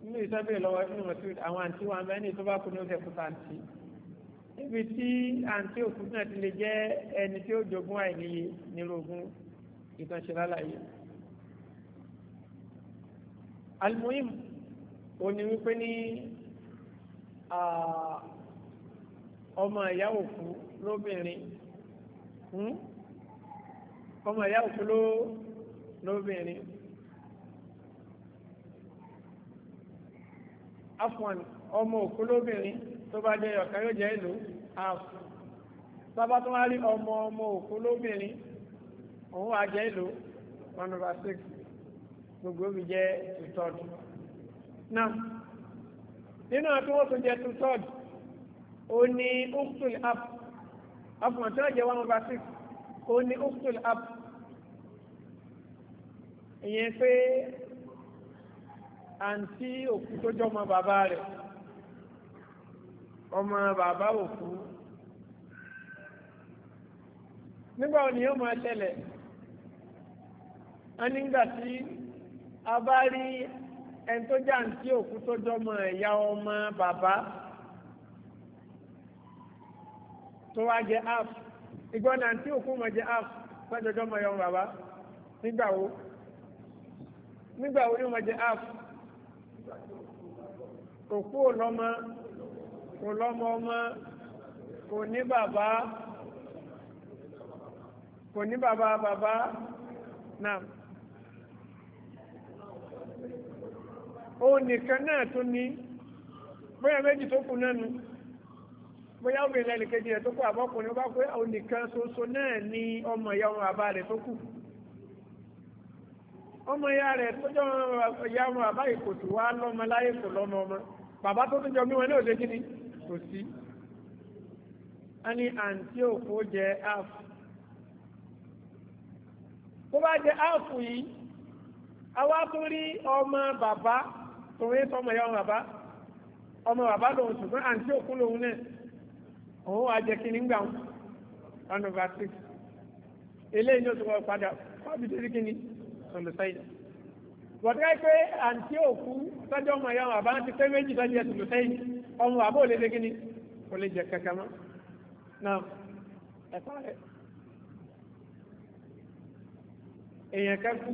nínú ìsọ́bẹ̀ lọ́wọ́ inú mọ̀síwìd àwọn àǹtí wa mẹ́ni tó bá kú ní oṣù kúta àǹtí níbi tí àǹtí òkú náà ti lè jẹ́ ẹni tí ó jogún àìníye nínú ogún ìtànṣe lálàyé almuhim ó ní wípé ní ọmọ ìyá òkú lóbìnrin hmm? ọmọ ìyá òkú lóbìnrin afọn ọmọ òkú lóbìnrin tó bá jẹ́ ọ̀kan yóò jẹ́ ìlú half sábà tó wá rí ọmọ ọmọ òkú lóbìnrin òun wá jẹ́ ìlú one over six gbogbo mi jẹ́ two third now nínú àti wọ́n tún jẹ́ two third ó ní uktul app afọn tí wọ́n one over six ó ní uktul app ìyẹn pé àǹtí òkú tó jọmọ bàbá rẹ̀ ọmọ bàbá òkú nígbà wo ni yóò máa ṣẹlẹ̀ a nígbà tí a bá rí ẹni tó jẹ́ àǹtí òkú tó jọmọ ẹ̀yà ọmọ bàbá tó wá jẹ app ìgbọ́n náà àǹtí òkú mọ̀ jẹ app fẹ́jọjọ́ mọ̀ ẹ̀yà ọmọ bàbá nígbà wo nígbà wo ni wọ́n jẹ app kò kú ọlọ́mọ kò lọ́mọ ọmọ kò ní bàbá kò ní bàbá bàbá náà òun nìkan náà tó ní bóyá méjì tó kù náà nu bóyá obìnrin ẹnìkejì rẹ̀ tó kù àbọ́kùnrin ó bá pé òun nìkan ṣoṣo náà ní ọmọ ìyá ọmọ bàbá rẹ̀ tó kù. ọmọ ya rẹ̀ tọ́jọ́ ya ọmọ bàbá ìkò wá lọ́mọ láyé kò lọ́mọ ọmọ bàbá tó tún jọ mí wọn ní òde kí ni kò sí. a ní àǹtí òkú jẹ áàfù tó bá jẹ áàfù yìí àwa tó rí ọmọ bàbá tòun yẹn tọmọ ya ọmọ bàbá ọmọ bàbá lòun ṣùgbọ́n àǹtí òkú lòun náà òun jẹ kí ni sọlùsẹ́yìn bọ̀dá pé àǹtí òkú tọ́jọ́ ọmọ ìyá wọn àbá ti pé méjì tọ́jọ́ sọlùsẹ́yìn ọmọ àbó lè dé kíni kò lè jẹ kankan mọ́ náà ẹ̀fà rẹ̀ èèyàn kan kú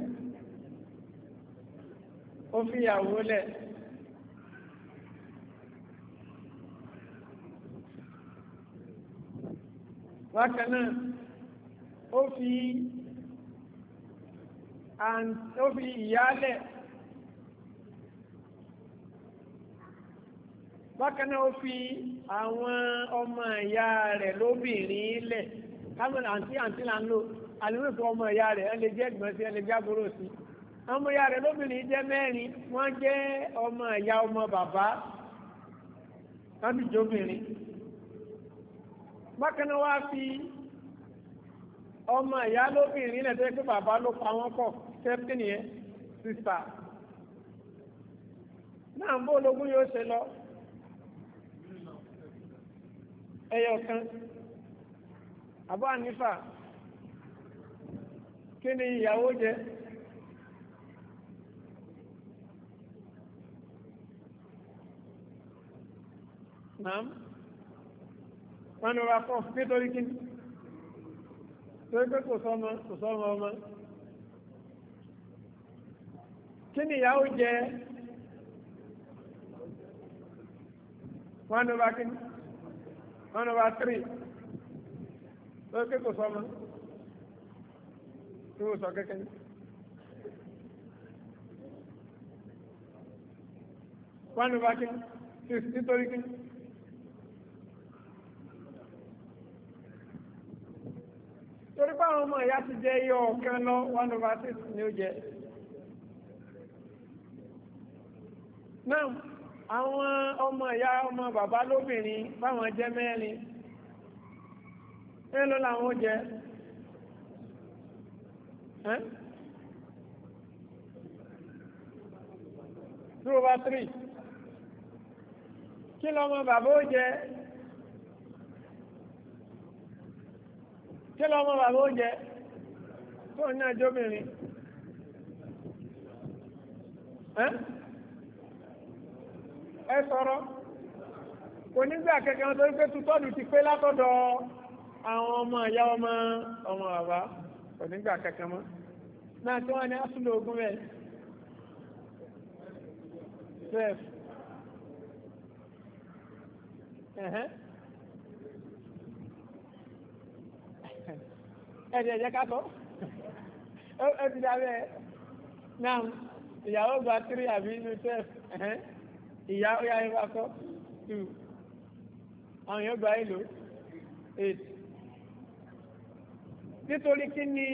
ó fi ìyàwó lẹ̀ bákan náà ó fi and ó fi ìyálẹ̀ bákan náà ó fi àwọn ọmọ ìyá rẹ̀ lóbìnrin lẹ̀ kámẹ́rà àǹtí àǹtí là ń lò àlùmọ́sọ ọmọ ìyá rẹ̀ ẹ lè jẹ́ ẹ̀gbọ́n sí ẹ lè jẹ́ àbúrò sí ọmọ ìyá rẹ̀ lóbìnrin jẹ́ mẹ́rin wọ́n jẹ́ ọmọ ìyá ọmọ bàbá lábìjọ́bìnrin bákan náà wá fi ọmọ ìyá lóbìnrin lẹ̀ tó yẹ pé bàbá ló pa wọ́n pọ̀ ṣẹ́fíkì nìyẹn sísà náà bó ológun yóò ṣe lọ ẹyọ kan àbá nífà kí ni ìyàwó jẹ naam wọn ni wọn kọ nítorí kí ni torí pé kò sọmọ kò sọmọ ọmọ kí ni ìyàwó jẹ one over kí one over three lókè kò sọmọ tí mo sọ kékeré ni. one over kí six nítorí kí ni. torí pé àwọn ọmọ ìyá ti jẹ iye ọ̀kan lọ one over six ni ó jẹ. náà àwọn ọmọ ìyá ọmọ bàbá lóbìnrin báwọn jẹ́ mẹ́rin mélòó làwọn jẹ́ two over three kí lọ́mọ bàbá ó jẹ́ kí lọ́mọ bàbá ó jẹ́ tó ní àjọ́bìnrin ẹ sọ̀rọ̀ kò nígbà kẹ̀kẹ́ wọn torí pé tutọ́ọ̀dù ti pé látọ̀dọ̀ àwọn ọmọ ìyá ọmọ ọmọ bàbá kò nígbà kẹ̀kẹ́ mọ́ náà tí wọ́n ní asúlò ogun rẹ̀ twelve ẹ̀dì ẹ̀jẹ̀ kátó ẹ̀dì ìyàwó gba three àbí inú twelve ìyá ó yá irú akọ́ two àwọn èèyàn gba èlò eight nítorí kí ni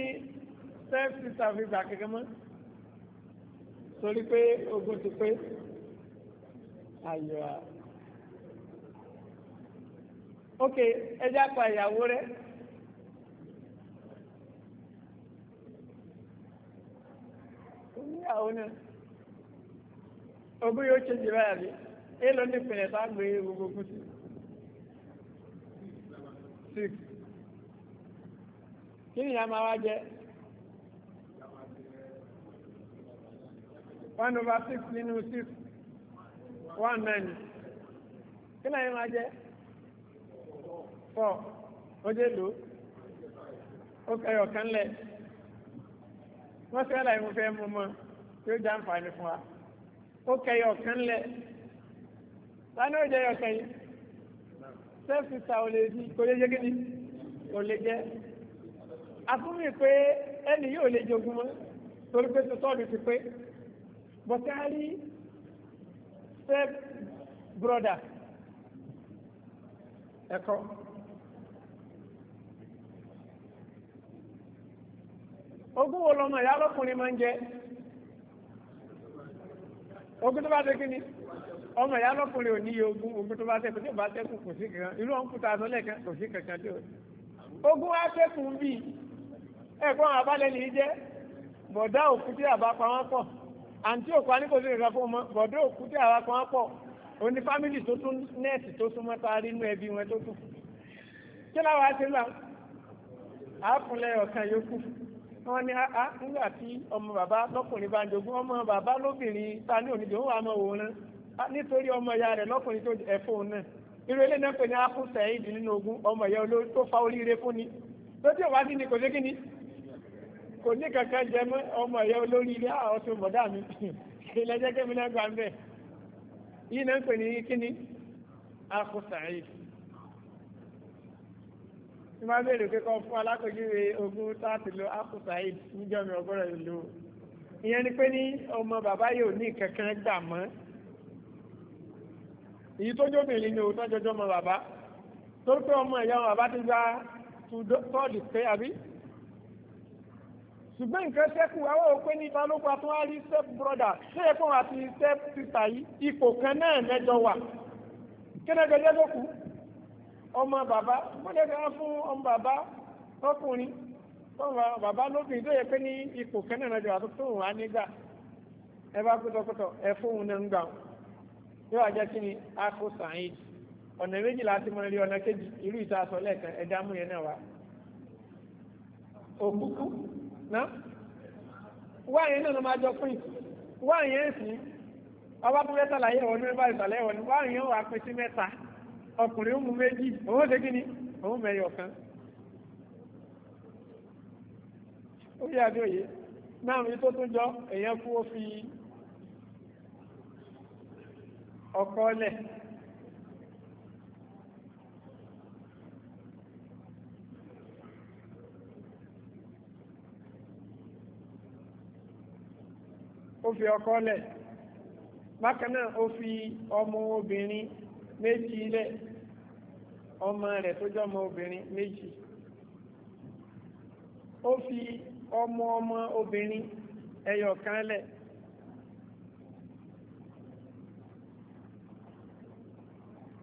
self sister fi gbà kẹ̀kẹ́ mọ́ torí pé ogun ti pé ayọ̀ a ok ẹjẹ́ apá ìyàwó rẹ̀. Oníyàwó náà ogún yóò ṣe jù báyà bí ẹ lọ ní ìpìlẹ̀ tá a gbé gbogbo kù six kí ni ìyá máa jẹ one over six nínú six one nine kí ni ìyá máa jẹ four ó jẹ lò ó kẹyọ kan lẹ wọn fẹ́ láì mo fẹ́ mú mọ́ tí ó jẹ́ àǹfààní fún wa ó kẹyọ ọ̀kan lẹ̀ sani ó jẹyọ kẹyìn sẹ́ẹ̀fì ta ò lè di kò lè jẹ́ kíni kò lè jẹ́ àfúnmi pé ẹni yóò lè jogún mọ́ torí pé sọ́ọ̀dù ti pé bọ̀tẹ́rì step brother ẹ̀kọ́. ogún wo lọmọ ìyá lọkùnrin máa ń jẹ ogun tó bá tẹ́ kí ni ọmọ ìyá lọ́kùnrin ò níye ogun ogun tó bá tẹ́kù tí ò bá tẹ́kù kò sí kankan irú ọ̀hún kúta àtọ́lẹ̀ kan kò sí kankan tí ò ogun á tẹ́kù ń bì ẹ̀kọ́ àwọn abálẹ̀ nìyí jẹ́ bọ̀dá òkú tí àbá pa wọ́n pọ̀ àǹtí òkú aníkò sí kankan fún ọmọ bọ̀dá òkú tí àbá pa wọ́n pọ̀ òní fámìlì tó tún nẹ́ẹ̀sì tó súnmọ́ taari inú ẹbí wọn tó kù kí láwọn ti lọ àápùnlẹ̀ ọ̀kan yòókù wọ́n ní áá ah, ah, nígbà tí ọmọ bàbá lọ́kùnrin bá ń jogún ọmọ bàbá lóbìnrin ta ní òníjì ó wà mọ́ òun náà ah, nítorí ọmọ ìyá rẹ̀ lọ́kùnrin tó ẹ̀fọ́ òun náà irú ilé náà pè ní ápù sẹ́yìn nínú ogún ọmọ ìyá olórí tó fa oríire fún ni lójú ìwà sí ni kò sí kíni kò ní kankan jẹ mọ́ ọmọ ìyá olórí ilé àwọn tó bọ̀dá mi [LAUGHS] ilẹ̀ jẹ́ kẹ́mi náà gbà ń bẹ̀ yìí náà pè ní kíni ápù sẹ́yìn tí máa béèrè pé kọ́ fún alákòjúwe ogún táàtì lo apple saheed níjọ́ mi ọgọ́rọ̀ ìlú ìyẹn ni pé ní ọmọ bàbá yóò ní kankan gbà mọ́ èyí tó jóbìnrin ni òótọ́ jọjọ́ ọmọ bàbá tó pé ọmọ ìyá ọmọ bàbá ti gba tọ́ọ̀dì pé àbí ṣùgbọ́n nǹkan ṣẹ́kù àwọn òpin ní ta ló pa tún á rí step brother ṣé ẹ̀kọ́ àti step sister yìí ipò kan náà mẹ́jọ wà kí náà gẹ́gẹ́ ló kù ọmọ bàbá mọ́lẹ́gbẹ̀rẹ́ fún ọmọ bàbá ọkùnrin ọmọ bàbá tó yẹ pé ní ipò kẹ́nà lọ́jọ́ àtúntò nígbà ẹ bá ẹ fóun náà ń gbà ó yóò wá jẹ́ kí ni akó sàáyìn ọ̀nà méjì láti mọ ilé ọ̀nà kejì ìlú ìta sọ lẹ́ẹ̀kan ẹ dámú náà wá. náà ló máa jọ pín ọba ẹ̀wọ̀n ní ọkùnrin ó mú méjì òun ó ṣe kí ni òun mẹ́yọ̀ kan ó yà bí òye náà mi tó tún jọ èèyàn kú ó fi ọkọ lẹ̀ ó fi ọkọ lẹ̀ bákan náà ó fi ọmọ obìnrin méjì lẹ̀ ọmọ rẹ̀ tó jẹ́ ọmọ obìnrin méjì ó fi ọmọ ọmọ obìnrin ẹyọ kan lẹ̀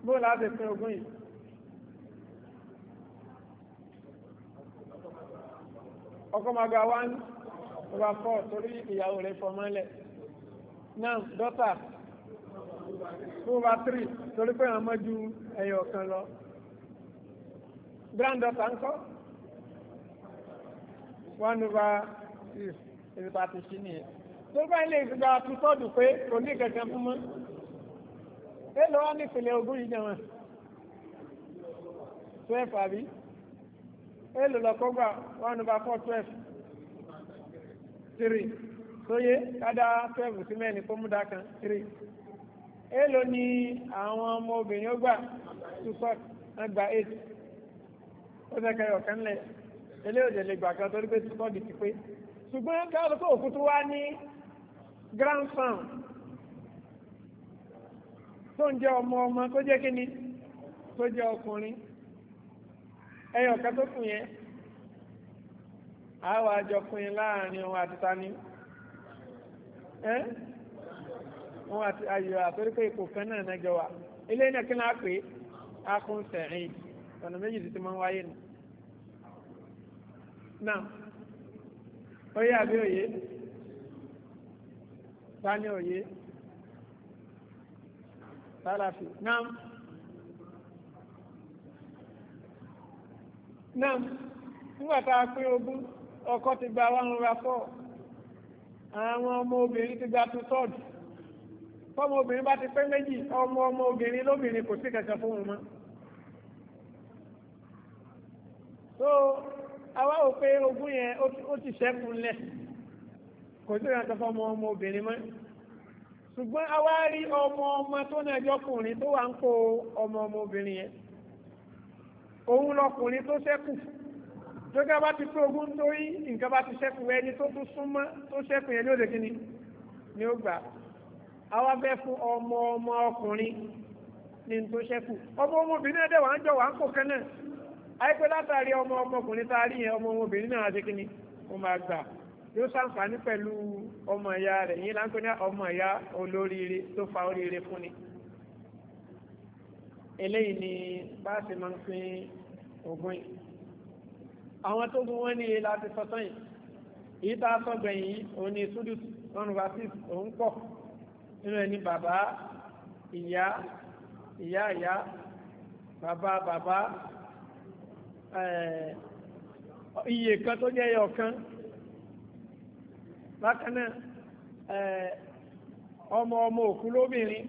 bó láti pín ogún yìí ọkọ máa gba one over four torí ìyàwó rẹ̀ fọmọ́lẹ̀ náà dọ́tà two over three torí pé àwọn ọmọ ju ẹyọ kan lọ granddaughter ńkọ́ one over six ìrìbà ti ṣí nìyẹn tó bá ilé ìgbà tó tọ́dù pé kò ní kankan fún mọ́ èlò wá ní ìpìlẹ̀ ogún yìí náà twelve àbí èlò lọ́kọ́ gbà one over four twelve three sóyé kádà twelve sí mẹ́rin kó mú dá kan three èlò ni àwọn ọmọ obìnrin ó gbà two four ẹgbàá eight ó fẹ́ kẹyọ̀ kan lẹ̀ eléyìí òjò lè gbà kan torí pé sọ́ọ̀dì ti pé ṣùgbọ́n káàlùkọ́ òkú tó wá ní grand sound tó ń jẹ́ ọmọ ọmọ tó jẹ́ kíni tó jẹ́ ọkùnrin ẹyọ̀ kan tó kù yẹn àwọn àjọkùnrin láàrin òun àti tani ẹ́ òun àti ayò àtorí pé ipò kan náà nẹ́jọ wa ilé náà kí náà pé akún sẹ̀rin ọ̀nà méjì ti ti máa ń wáyé nù náà ó yé àbí òye sani òye sálàfì náà náà nígbà tá a pé ogún ọkọ ti gba one hundred four àwọn ọmọ obìnrin ti gba two third fọmọ obìnrin bá ti pé méjì ọmọ ọmọ obìnrin lóbìnrin kò sí kankan fún wọn mọ́. so àwa ò pé ogún yẹn ó ti ṣẹ́kù lẹ̀ kò sí ìrántọ́ fọmọ ọmọ obìnrin mọ́ ṣùgbọ́n àwa rí ọmọ ọmọ tó náà jọkùnrin tó wà ń kó ọmọ ọmọ obìnrin yẹn òun lọkùnrin tó ṣẹ́kù tókẹ́ bá ti pé ogún tó yí nǹkan bá ti ṣẹ́kù ẹni tó tún súnmọ́ tó ṣẹ́kù yẹn ní òde kínní ni ó gbà àwa fẹ́ fún ọmọ ọmọ ọkùnrin ní tó ṣẹ́kù ọmọ ọmọbìnrin ẹ̀dẹ̀ wà ń jọ wà ń kó kan àìpẹ́ látàrí ọmọ ọmọkùnrin tá a rí yẹn ọmọ obìnrin náà ṣe kíni ó máa gbà yóò ṣàǹfààní pẹ̀lú ọmọ ìyá rẹ̀ yín láńpẹ́ ní ọmọ ìyá olóríire tó fa oríire fún ni eléyìí ni bá a ṣe máa ń pín ogún yìí àwọn tó gun wọn ní ilé láti sọtán yìí èyí tá a ni sudut onubasis òun pọ̀ nínú ẹni bàbá ìyá ìyá ìyá bàbá bàbá Eh, iye kan tó jẹ́ kan bákan náà eh, ọmọ ọmọ òkú lóbìnrin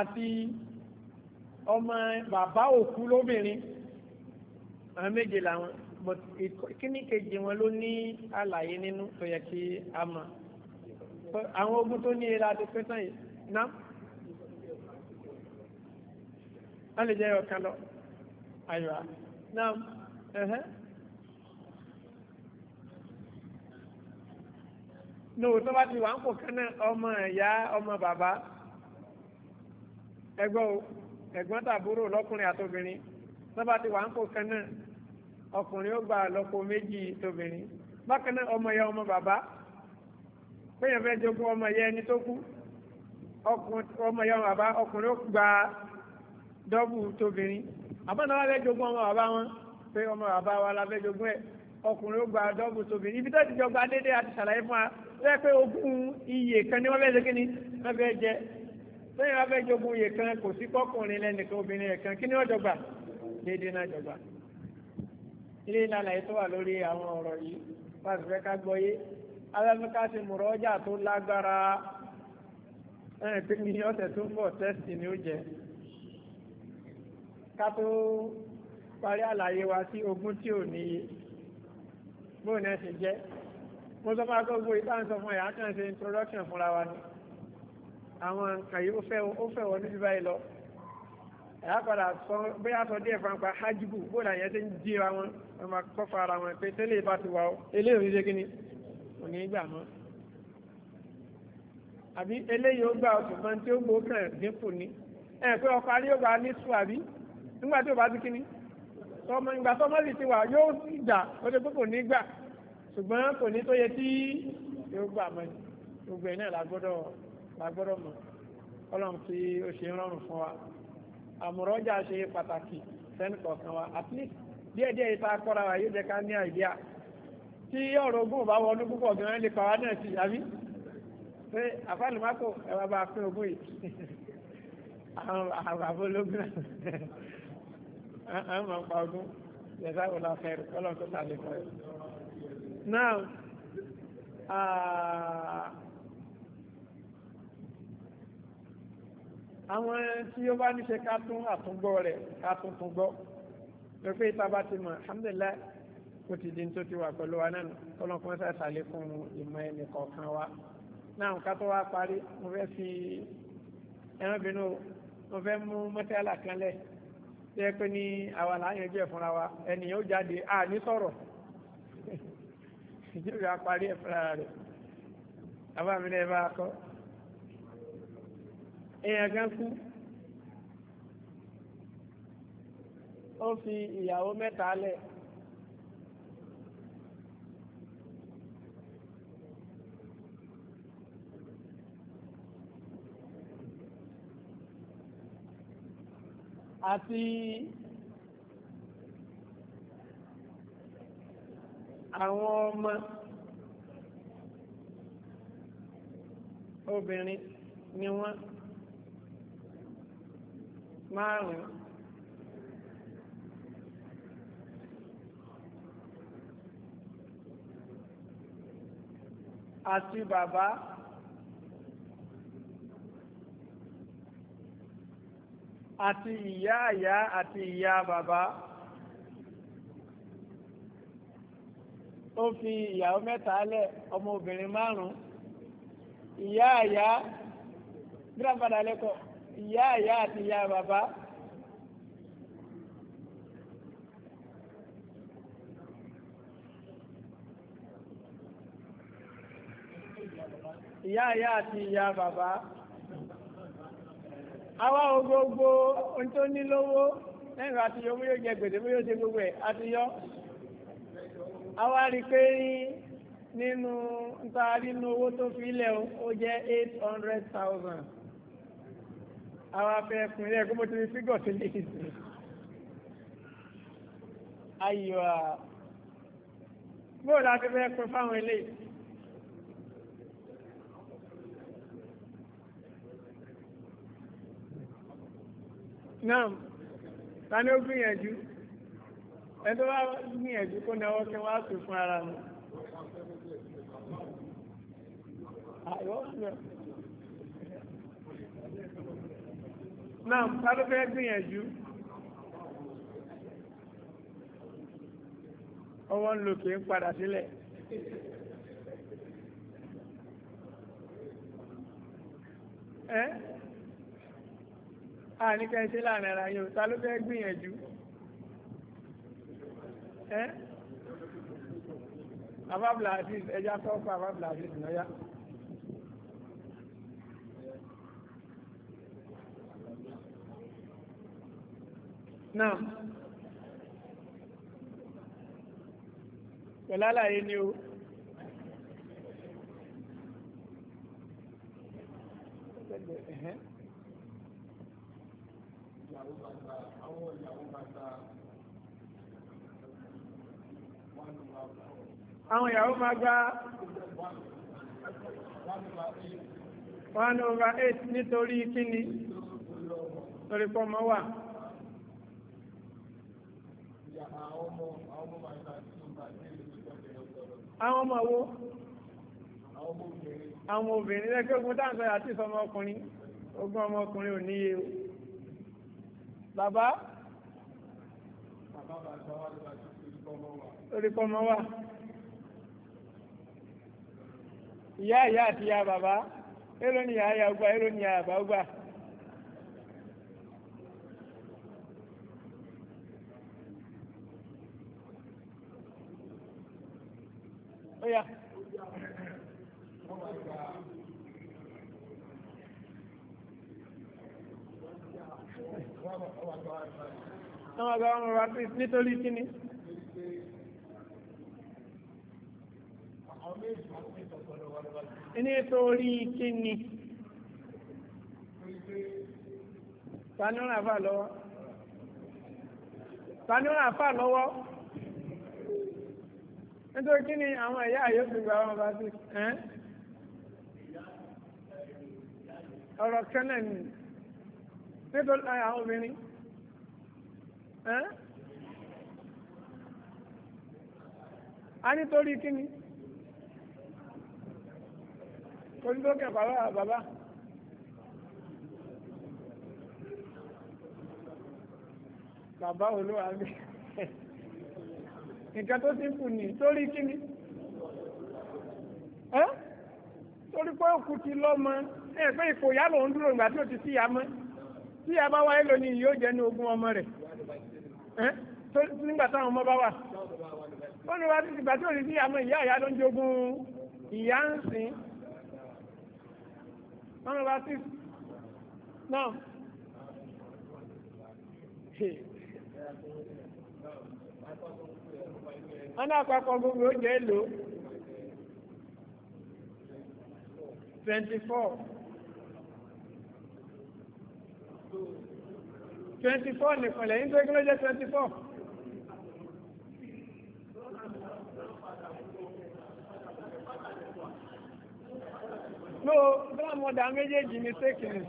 àti ọmọ bàbá òkú lóbìnrin àwọn méje làwọn kíní kejì wọn ló ní àlàyé nínú tó yẹ a àwọn ogun tó ní ìlà wọ́n lè lọ ayọ̀ naam ẹ̀hẹ́ ti wà ń pò kánná ọmọ ẹ̀yà ọmọ bàbá ẹgbọ́n o ẹ̀gbọ́n tàbúrò lọ́kùnrin àtobìnrin ti wà ń pò kánná ọkùnrin gba lọ́pọ̀ meji tóbìnrin bákan náà ọmọ ẹ̀yà ọmọ bàbá péyàn fẹ́ jogún ọmọ ẹ̀yà ẹni tó ọmọ ya ọmọ gba àbọ̀nà wa fẹ́ jogún ọmọ bàbá wọn pé ọmọ bàbá wa la fẹ́ jogún ẹ̀ ọkùnrin ó gba dọ́ọ̀bù tóbi ibi tó ti jọ dédé àti ṣàlàyé fún wa fẹ́ pé ogún iye kan ni wọ́n fẹ́ ṣe kí ni wọ́n fẹ́ jẹ lẹ́yìn wọ́n fẹ́ jogún iye kan kò sí kọ́kùnrin lẹ́nìkan obìnrin ẹ̀ kan kí ni wọ́n jọgbà dédé náà jọgbà ilé ìlànà yìí tó wà lórí àwọn ọ̀rọ̀ yìí wọ́n ti fẹ́ ká gbọ́ yé alámíká ti mọ̀rọ̀ ọjà tó lágbára ẹ̀ ọ̀sẹ̀ tó ń bọ̀ tẹ́sì ni ó jẹ́ ká tó parí àlàyé wa sí ogún tí ò níye bóò náà ṣe jẹ́ mo sọ fún akọ́gbó ìbánisọ fún ẹ̀yà kan ṣe introduction fúnra wa ni àwọn nǹkan yìí ó fẹ́ wọ níbi báyìí lọ ẹ̀yà padà sọ bóyá sọ díẹ̀ fanpa hajjibu bóò náà yẹn ti ń jíra wọn ọmọ kọfà ara wọn pé tẹ́lẹ̀ ìbá ti wà ó eléyìí ò ní ṣe kí ni kò ní gbà mọ́ àbí eléyìí ó gbà ọ̀sùn kan tí ó gbó kàn dínkù ni ẹ̀ pé ọkọ̀ arí ó gbà ní sùn àbí nígbà tí o bá ti kíní tọmọ ìgbà tọmọ sì ti wà yóò gbà ó ti pé kò ní gbà ṣùgbọ́n kò ní tó yẹ tí yóò gbà mọ́ gbogbo ẹ̀ náà la gbọ́dọ̀ la gbọ́dọ̀ mọ̀ ọlọ́run tí ó ṣe ń rọrùn fún wa àmúrọ́jà ṣe pàtàkì sẹ́ni kọ̀ọ̀kan wa at least díẹ̀díẹ̀ ìta kọ́ra wa yóò jẹ́ ká ní àìdíà tí ọ̀rọ̀ ogún bá wọnú púpọ̀ gan-an lè pàwá náà sí àbí pé àfàlùmákò ẹ̀wà bá pín ogún yìí [LAUGHS] àwọn àbólógún náà a máa pa ọdún yẹ̀sà wọlé afẹ́rù ọlọ́run tó sàlẹ̀ fún ẹ. now àwọn tí ó bá ní ṣe ká tún àtúngbọ́ rẹ̀ ká tún tún gbọ́ lópin ìta bá ti mọ̀ alhamdulilayi ó ti di tó ti wà pẹ̀lú wa náà kọ́lọ́n kọ́ sá sàlẹ̀ fún ìmọ̀ ẹnì kọ̀ọ̀kan wa náà ká tó wá parí mo fẹ́ fi ẹran bínú mo fẹ́ mú mọ́tẹ́lá kan lẹ̀. tẹ́ pé ní àwa láyẹn jẹ́ fúnra wa ẹni ó jáde à ní sọ̀rọ̀ ìjọba parí ẹ̀ rẹ̀ bàbá mi náà bá kọ́ èèyàn kan kú ó fi ìyàwó mẹ́ta lẹ̀ àti àwọn ọmọ obìnrin ni wọ́n márùn-ún. àti bàbá àti ìyá ìyá àti ìyá bàbá ó fi ìyàwó mẹ́ta lẹ̀ ọmọbìnrin márùn-ún ìyá ìyá gírànpadà lẹ́kọ̀ọ́ ìyá ìyá àti ìyá bàbá. ìyá ìyá àti ìyá bàbá àwa ò gbogbo ohun tó ní lówó lẹ́nu àti yọ bóyá jẹ gbèdé bóyá ṣe gbogbo ẹ̀ àti yọ. àwa rí pé nínú nta nínú owó tó fi lẹ̀ ó jẹ́ eight hundred thousand. àwa fẹ́ kun ilé ẹ̀kọ́ bó ti fi fígọ̀ sí ní ìsìn. ayọ̀ bóòlù àti fẹ́ kun fáwọn eléyìí. náà ta ni ó gbìyànjú ẹni tó bá gbìyànjú kó náwó kí wọ́n á pè fún ara mi. Náà ta ló fẹ́ gbìyànjú? Ọwọ́ ń lò kí ń padà sílẹ̀. Ẹ́ àní kẹ́ ṣe láàrin ara yóò ta ló fẹ́ gbìyànjú ẹ́ abábla aziz ẹja sọ fún abábla aziz lọ́yà. náà pẹ̀lú àlàyé ni o. Thank you ìyàwó bàtà àwọn ìyàwó bàtà àwọn ìyàwó máa gba one over eight nítorí kíni torí pọ́ mọ́ wà. àwọn ọmọ wo àwọn obìnrin lẹ́gbẹ̀ẹ́ ogun táǹsọ̀ àti ìsọmọ ọkùnrin ogún ọmọ ọkùnrin ò níye o bàbá orípọmọ wà ìyá ìyá àti ìyá bàbá èrò ni ìyá ìyá ọgbà èrò ni ìyá bàbá ọgbà. Oh yeah. tán wọ́n bá wọn ra pé nítorí kí ni. nítorí kí ni. tani ó ràn fà lọ́wọ́. tani ó ràn fà lọ́wọ́. nítorí kí ni àwọn ẹ̀yà àyọ̀tò gba wọn bá sí. ọ̀rọ̀ kan náà ni nítorí àwọn obìnrin a nítorí kíni torí tó kẹ bàbá bàbá bàbá olúwa mi [LAUGHS] nǹkan tó ti kù ní torí kíni torí pé òkú ti lọ́mọ ẹ pé ìfòyà lòún dúró ìgbà tí ó ti síyà mọ́ síyà bá wáyé lónìí yóò jẹ́ ní ogún ọmọ rẹ̀ nígbà táwọn ọmọ bá wà wọ́n ní wá sí ìgbà tí òní sí àmọ́ ìyá ìyá ló ń jogún ìyá ń sìn wọ́n ní wá sí náà wọ́n ní àpapọ̀ gbogbo oúnjẹ èlò twenty four twenty four nìkan lẹ́yìn tó kí ló jẹ́ twenty four. no grandmother méjèèjì ni sékìlì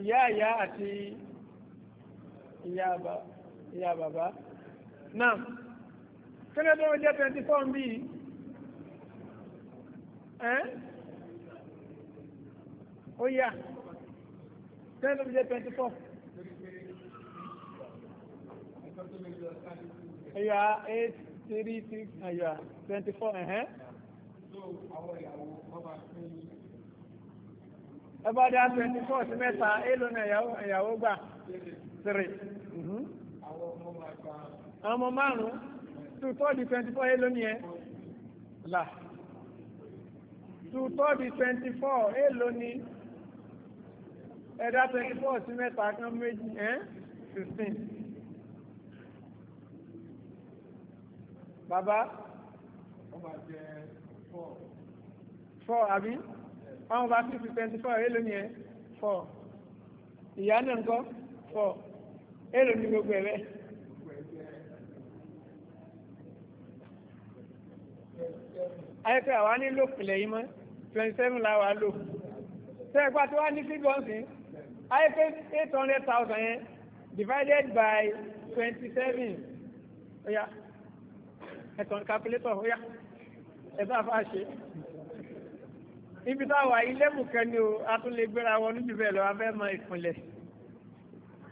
ìyá ìyá àti ìyá bàbá náà kí ló dé ó jẹ́ twenty four bíi ó yá. Yeah ten ló fi jẹ́ twenty four. ẹ̀yà eight three six ẹ̀yà twenty four ẹ̀hẹ́n. Uh-huh. ẹ bá dá twenty four sí mẹ́ta èèlò náà ìyàwó gbà three. àwọn mm-hmm. ọmọ márùn-ún two thirty twenty four èèlò ni ẹ là two thirty twenty four èèlò ni ẹ̀dá twenty four sí mẹ́ta kan méjì ẹ́ fifteen. bàbá. wọ́n máa jẹ four. four àbí. one over six is twenty four èló ni ẹ four. ìyá náà ń kọ́ four. èló ni gbogbo ẹ̀ bẹ́ẹ̀. ayẹ́pẹ́ àwa nílò pìlẹ̀ yìí mọ́ twenty seven la wà lò. sẹ́ẹ̀pá tí wàá ní fígbọ́nsìn. I pé eight hundred thousand divided by twenty seven oya ẹ̀tàn calculator oya ẹ̀tàn àfa ṣe ibi táwa ilébù kan ni o a tún lè gbéra wọn níbi bẹ́ẹ̀ lọ abẹ́ mọ ìpínlẹ̀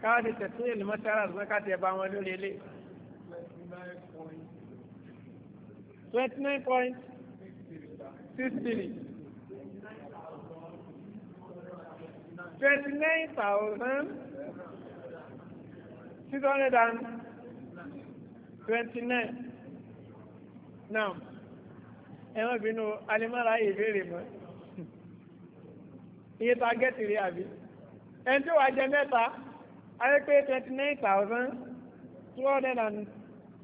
káwọn ti tẹ̀sí ìlú mọ́tàrà àti káàtì ẹ̀ bá wọn lórí ilé. twenty nine point six three. twenty nine thousand six hundred and twenty nine now ẹ̀wọ̀n bínú alimọ́ra ìbéèrè mọ́ iye ta a gẹ́tì rí àbí ẹni tí wàá jẹ mẹ́ta ayé pé twenty nine thousand two hundred and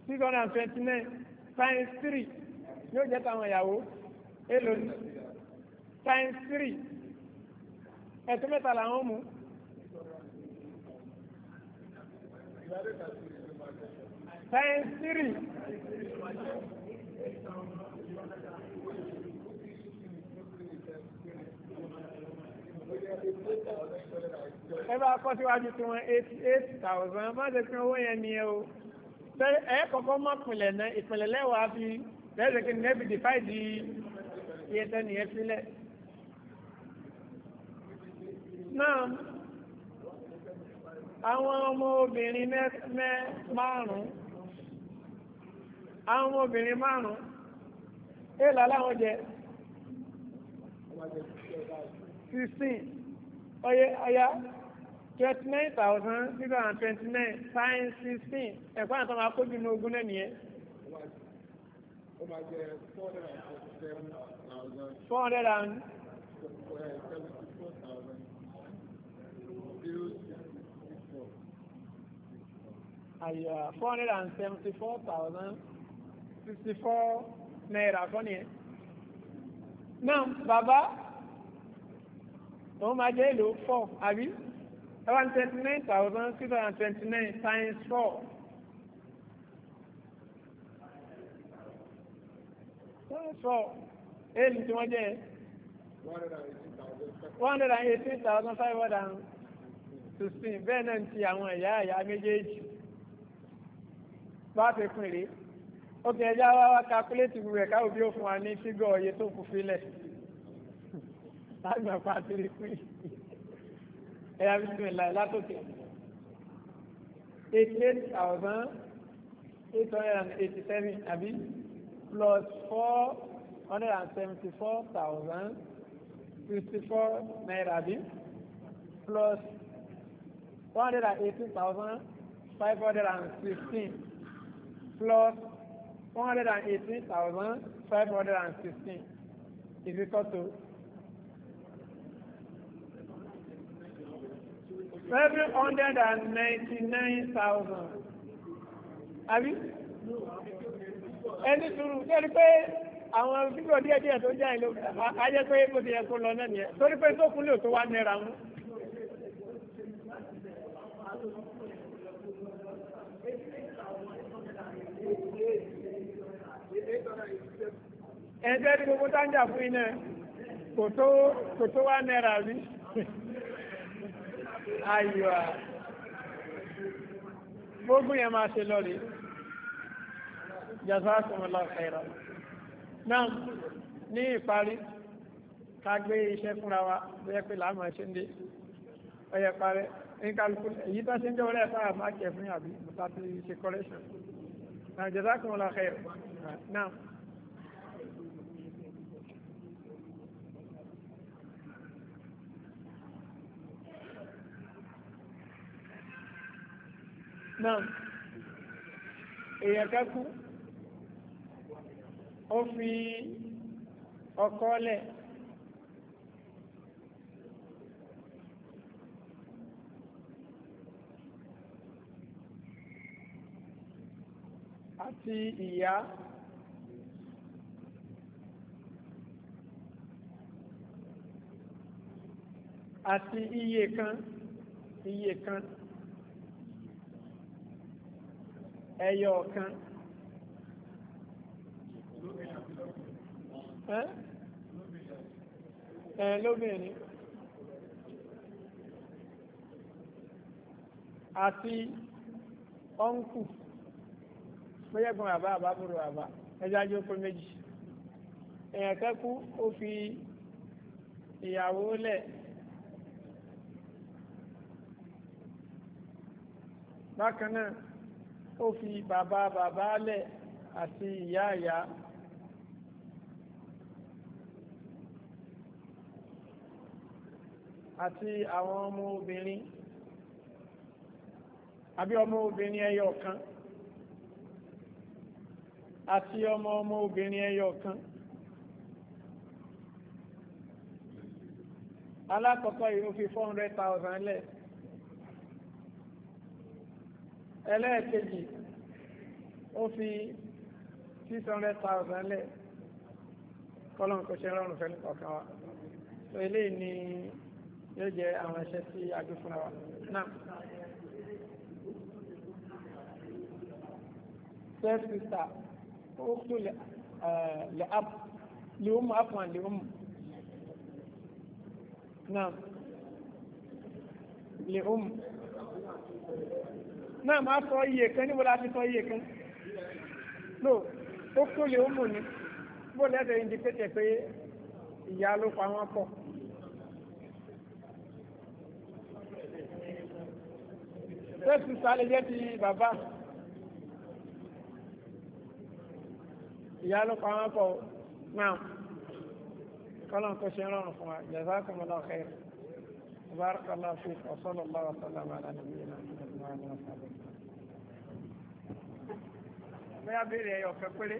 six hundred and twenty nine times three yóò jẹ́ táwọn ìyàwó èlò times three ẹ̀sìn mẹ́ta làwọn mú. sáyẹ́nsìrì. ẹ bá kọ́ síwájú tí wọ́n eighty eight thousand má ṣe pín owó yẹn ni ẹ o ṣé ẹ kọ́kọ́ má pinlẹ̀ náà ìpínlẹ̀ lẹ́wàá fi lẹ́sẹ̀ kí ni ẹ fi dìfáìdì iye tẹ́ nìyẹn sílẹ̀ náà àwọn ọmọ obìnrin mẹ́ márùn-ún àwọn ọmọ obìnrin márùn-ún èèlà láwọn jẹ sixteen ọyẹ ọyá twenty nine thousand six hundred and twenty nine times sixteen ẹ̀kọ́ àti ọmọ ní ogún náà nìyẹn. four àyà four hundred and seventy four thousand sixty four naira kọ́ nìyẹn. náà bàbá òun máa jẹ́ èlò four àbí seven twenty nine thousand six hundred twenty nine times four. times four èlò tí wọ́n jẹ́ one hundred and eighteen thousand five hundred sixteen bẹ́ẹ̀ náà ti àwọn ẹ̀yà ẹ̀yà méjèèjì bá fi pin rèé ó fi ẹja wá wá kakuléètì gbogbo ẹ̀ka òbí ó fún wa ní fígọ̀ òye tó kù fílẹ̀ lágbà pàtìrì pin ẹ̀yà bísímìlà látòkè eighty eight thousand eight hundred and eighty seven àbí plus four hundred and seventy four thousand sixty four naira àbí plus one plus one is equal to seven hundred and ninety-nine thousand. àbí ẹni sùúrù sẹ́ni pé àwọn fífọ̀ díẹ̀ díẹ̀ tó jáde ló ajẹ́ pé bó ti yẹ kó lọ náà nìyẹn torí pé tó kúnlẹ̀ tó wá náírà mú ẹ̀jẹ̀ ní gbogbo táǹjà fún iná kò tó wá náírà rí ayọ̀ gbogbo yẹn máa ṣe lọ́rí jazakumullahu khairan náà ní ìparí ká gbé iṣẹ́ fúnra wa bóyá pé làá máa ṣe ń dé ọyẹ parẹ́ nkàlùkù èyí tó ṣe ń jẹ́ wọlé ẹ̀fà àmàkì ẹ̀fún àbí mọ̀tà ti ṣe correction náà jẹ́sà kan la xẹ́ náà. náà èèyàn kan ó fi ọkọ lẹ̀ ti ìyá àti iye kan iye kan ẹyọ kan ẹ lóbìnrin àti ọ́nkù bóyẹ́gbọ́n bàbá àbábúrò bàbá ẹjọ́ ajé ó pé méjì èèyàn kan kú ó fi ìyàwó lẹ̀ bákan náà ó fi bàbá bàbá lẹ̀ àti ìyá ìyá. àti àwọn ọmọ obìnrin àbí ọmọ obìnrin ẹyọ kan àti ọmọ ọmọ obìnrin ẹyọ kan alákọ̀ọ́kọ́ yìí ó fi four hundred thousand lẹ̀ ẹlẹ́ẹ̀kejì ó fi six hundred thousand lẹ̀ kọ́lọ́n kò ṣe rọrùn fẹ́ nìkọ̀ọ̀kan wa so eléyìí ni yóò jẹ́ àwọn ẹ̀ṣẹ̀ tí a gbé fúnra wa náà. Third sister. أخت لأب لأم عفوا لأم نعم لأم náà máa sọ iye kan níbo láti sọ iye kan no ó kó lè ó mù ní bó lẹ́sẹ̀ indicate pé ìyá ló pa wọ́n pọ̀ fẹ́ẹ̀sì sálẹ̀ jẹ́ ti bàbá ìyá ló pa wọn pọ̀ náà kọ́lọ́n kó ṣe rọrùn fún wa jazakumullahu khair barakallahu fi wa sallallahu wa sallam ala nabiyyina muhammad wa sallam. bóyá béèrè ẹyọ kan péré.